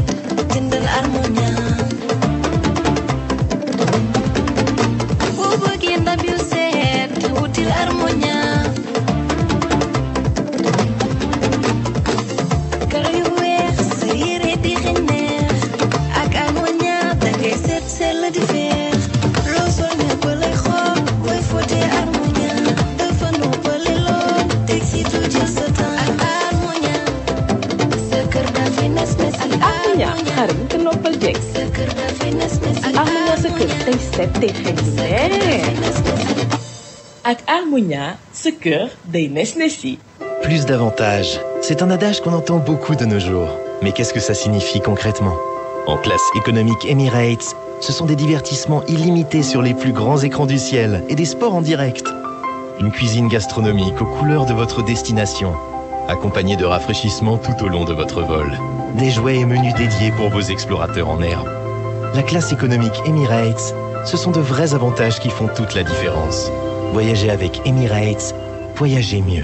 jëndal harmonia Plus d'avantages, c'est un adage qu'on entend beaucoup de nos jours. Mais qu'est-ce que ça signifie concrètement En classe économique Emirates, ce sont des divertissements illimités sur les plus grands écrans du ciel et des sports en direct. Une cuisine gastronomique aux couleurs de votre destination, accompagnée de rafraîchissements tout au long de votre vol. Des jouets et menus dédiés pour vos explorateurs en herbe. La classe économique Emirates, ce sont de vrais avantages qui font toute la différence. Voyager avec Emirates, voyagez mieux.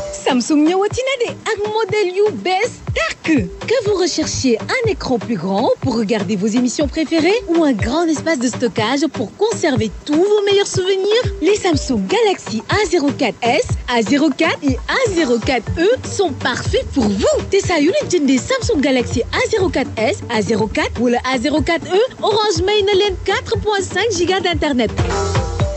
Samsung ñëwatina de ak modèle yu bees Que vous recherchiez un écran plus grand pour regarder vos émissions préférées ou un grand espace de stockage pour conserver tous vos meilleurs souvenirs, les Samsung Galaxy a s et a e sont parfaits pour vous. Te saa yu leen jëndee Samsung Galaxy A04s, A04 wala A04e e, Orange may na leen 4.5 giga d'internet.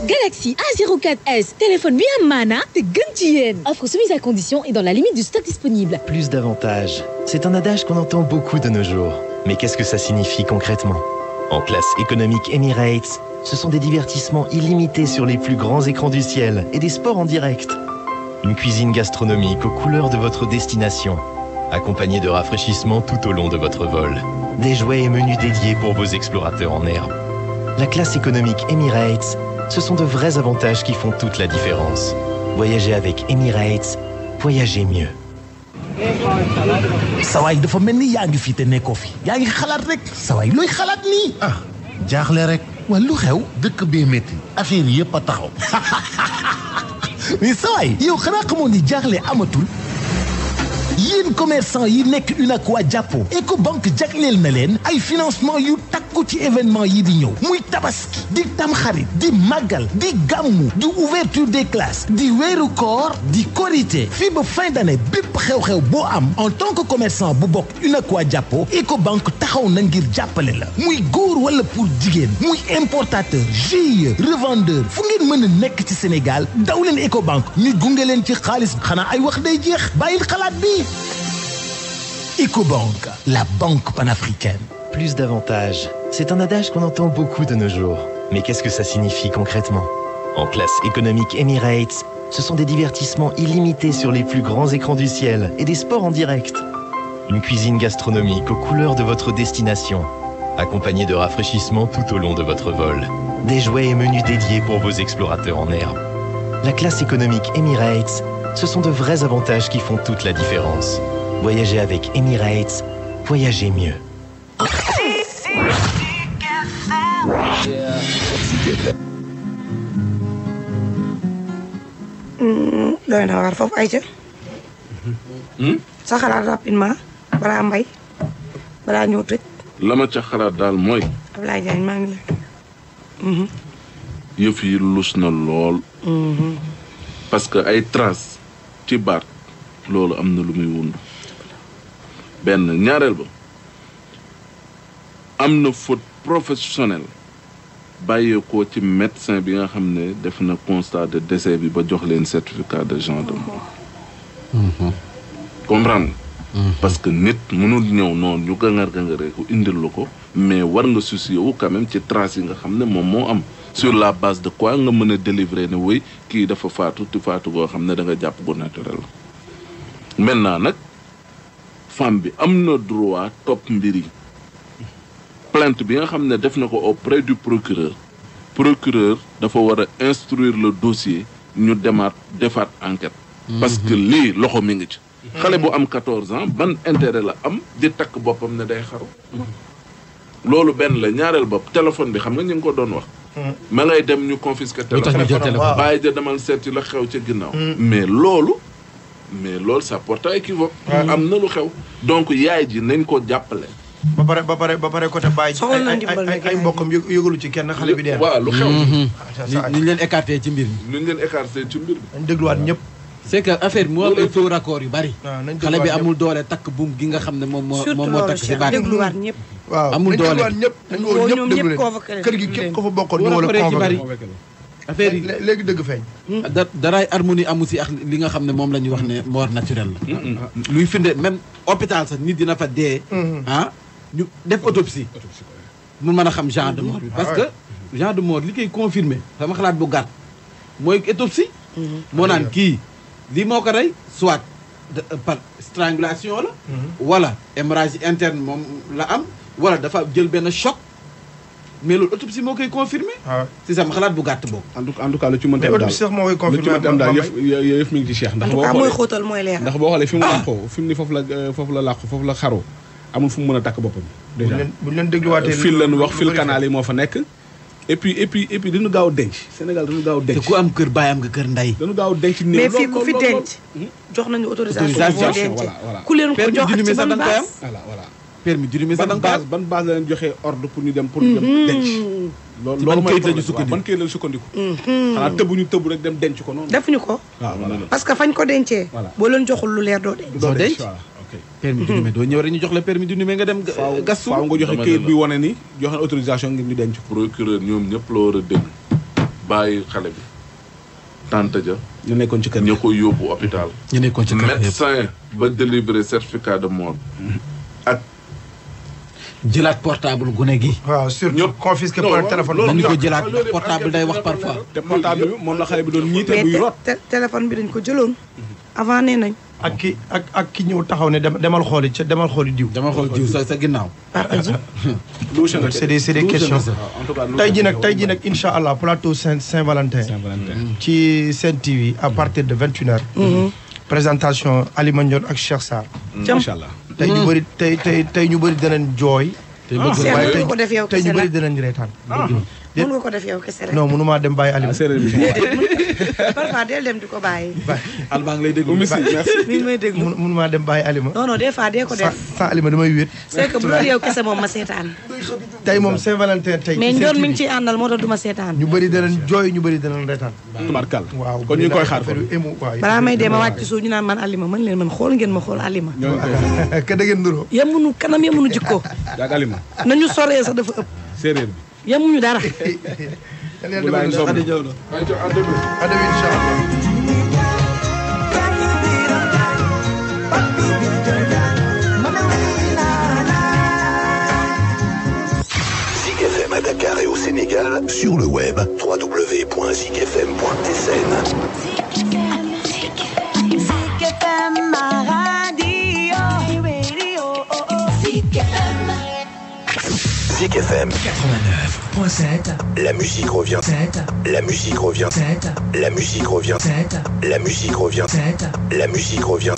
Galaxy A04S téléphone bi am maana te gën ci yéen offre soumise à condition et dans la limite du stock disponible. Plus d'avantages c'est un adage qu'on entend beaucoup de nos jours mais qu'est-ce que ça signifie concrètement? En classe économique Emirates ce sont des divertissements illimités sur les plus grands écrans du ciel et des sports en direct. Une cuisine gastronomique aux couleurs de votre destination, accompagnée de rafraîchissements tout au long ce sont de vrais avantages qui font toute la différence. Voyager avec Emirates, voyager mieux. sawaay dafa mel ni yaa ngi fi te nekkoo fi yaa ngi xalaat rek sawaay looy xalaat nii ah jaaxle rek waa lu xew dëkk bee métti affaire yëpp a taxaw mais sawaay yow xanaa xamoon ni jaaxle amatul yéen commerçant yi nekk jàppoo jàppo Ecobank jagleel na leen ay financement yu takku ci événement yi di ñëw muy tabaski di tamxarit di màggal di gàmmu di ouverture des classes di weeru koor di korité fii ba fin dane bépp xew-xew boo am en tant que commerçant bu bokk UNACOIS jàppo Ecobank taxaw na ngir jàppale la muy góor wala pour jigéen muy importateur GIE revendeur fu mën a nekk ci Sénégal daw leen Ecobank ñu gunge leen ci xaalis xanaa ay wax day jeex bàyyil xalaat bi EcoBank, la banque panafricaine. Plus d'avantages, c'est un adage qu'on entend beaucoup de nos jours. Mais qu'est-ce que ça signifie concrètement En classe économique Emirates, ce sont des divertissements illimités sur les plus grands écrans du ciel et des sports en direct. Une cuisine gastronomique aux couleurs de votre destination, accompagnée de rafraîchissements tout au long de votre vol. Des jouets et menus dédiés pour vos explorateurs en herbe. La Voyager avec Emirates, voyagez mieux. doy na waar foofu ay ca hmm? hmm? sa xalaat rapidement balaa mbay balaa ñëw tëj la ma ca xalaat daal mooy Ablaye Diagne maa ngi la mhm. yëf yi lus na lool mhm. parce que ay traces ci baat loolu am na lu muy wund benn ñaareel ba am na faute professionnelle bàyyeekoo ci médecin bi nga xam ne def na constat de décès bi ba jox leen certificat de genre de mort mm-hmm. comprendre mm-hmm. parce que nit mënul ñëw noonu ñu gàngar gàngaree ko indil la ko mais war nga soucier wu quand ci trace yi nga xam ne moom moo am sur la base de quoi nga mën a délivrer ne woy kii dafa faatu ti faatu goo xam ne danga jàpp gu naturel maintenant nag femme bi am na droit topp mbir yi plainte bi nga xam ne def na ko auprès du procureur procureur dafa war a instruire le dossier ñu demaat defaat enquête mhm. parce que lii loxo mi ngi ci mhm. xale bu am quatorze ans ban intérêt la am di takk boppam ne day xaru mhm. loolu benn la ñaareel bopp téléphone bi xam nga ñu ngi ko doon wax ma ngay dem ñu confisquer téléphone bàyyi ja demal seeti la xew ca ginnaaw mais loolu mais loolu ça porte à équivoque. am na lu xew. donc yaay ji nañ ko jàppale. ba pare ba pare ba pare côté Baye. soxal nañ ay ay mbokkam yëgalu ci kenn xale bi dee. waaw lu xew. Mm-hmm. Mm-hmm. Ah, ni ñu ci mbir mi. ni ñu leen écarté ci mbir mi. dañ dégluwaat ñëpp. c' est que affaire bi moo am ay faux raccord yu bari. Ah, xale bi amul doole takk buum gi nga xam ne moom moo. moom moo takk si baat dégluwaat ñëpp. waaw amul doole dañ dégluwaat ñëpp. dañ woo ñëpp déglu kër gi képp ko fa bokkoon ñu wala convoqué affaire yi léegi dëgg feeñ. Hmm? da daraay harmonie amu si ak li nga xam ne moom la ñuy wax ne mort naturel la. Hmm, hmm. luy firnde même hôpital sax nit dina fa dee. ah ñu def autopsie. mu mën a xam genre de mort bi ah parce que genre de mort li koy confirmé sama xalaat bu gàtt mooy autopsie. moo naan ah, kii lii moo ko rey soit euh, par strangulation la. wala hémorragie interne moom la am wala dafa jël benn choc. mais loolu autopsie moo koy confirmé. waaw ah c'est ma xalaat bu gàtt boobu. en tout lu ci mënti am am daal yëf yëf ngi ci Cheikh. ndax boo xoolee ndax boo xoolee fi ah. euh, a takk boppam. déjà bu ñu leen dégluwaatee euh, wax fil canal yi moo fa nekk. et puis et puis et puis dañu gaaw denc Sénégal dañu gaaw denc te ku am kër baay am nga kër ndey dañu gaaw denc ne mais fii ku fi denc jox nañu autorisation voilà voilà ku leen ko jox ci ban base voilà permis juróomi sa danga ban base la leen joxee ordre pour ñu dem pour ñu dem mhm. denc loolu loolu mooy lañu sukkandiku ban kayit lañu sukkandiku mhm. xanaa tëbuñu dem denc ko noonu defuñu ko ah, parce que fañ ko dencee boo leen joxul lu leer doo denc doo denc permis du numé mhm. doo ñëw rek ñu jox la permis du numé nga dem euh, gas suuf faaw nga joxe kayit bi wane ni joxe autorisation ngir ñu denc procureur ñoom ñëpp la war a déglu bàyyi xale bi tante ja ñu nekkoon ci kër ñu ko yóbbu hôpital ñu nekkoon ci kër médecin ba délivrer certificat de mort ak jilaat portable gune gi. waaw surtout confisqué par téléphone. loolu ko jëlaat portable day wax par te portable bi moom la xale bi doon ñiite buy rot. téléphone bi dañ ko jëloon avant nee nañ. ak ki ak ak ki ñëw taxaw ne demal xooli ca demal xooli diw. demal xooli diw sa ginnaaw. c'est des c'est tey jii nag tey jii nag incha allah plateau Saint Saint-Valentin. Mm. ci Sen TV à mm. partir de vingt une mm-hmm. présentation Alima ak Cheikh Sarr. Mm, incha tey ñu hmm. bëri tey tey tey ñu bëri danañ jooy. Ah, tey ñu bëri danañ reetaan ah. mën nga ko def yow kese rek. non mënumaa dem bàyyi Alioune. parfois del dem di ko bàyyi. Alba ngi lay déglu merci. mi ngi may déglu mënumaa dem bàyyi Alioune. non non des fois dee ko def. sans Alioune damay wéet. c'est que bu doon yow kese moom ma seetaan. tey moom Saint-Valentin tey. mais ñoom mi ngi ciy àndal moo tax du ma seetaan. ñu bëri danañ jooy ñu bëri danañ waaw kon ñu ngi koy xaar balaa may dee ma wàcc suuf ñu naan man Alima man leen man xool ngeen ma xool Alima. ñoo ngi koy xaar kanam yemunu jikko. nañu soree sa dafa ëpp séeréer bi yemuñu dara. walaay Ndao Adi Diop la. à Dakar et au Sénégal sur le web www.zigfm.sn. Zik FM 89.7 La musique revient 7 La musique revient 7 La musique revient 7 La musique revient 7 La musique revient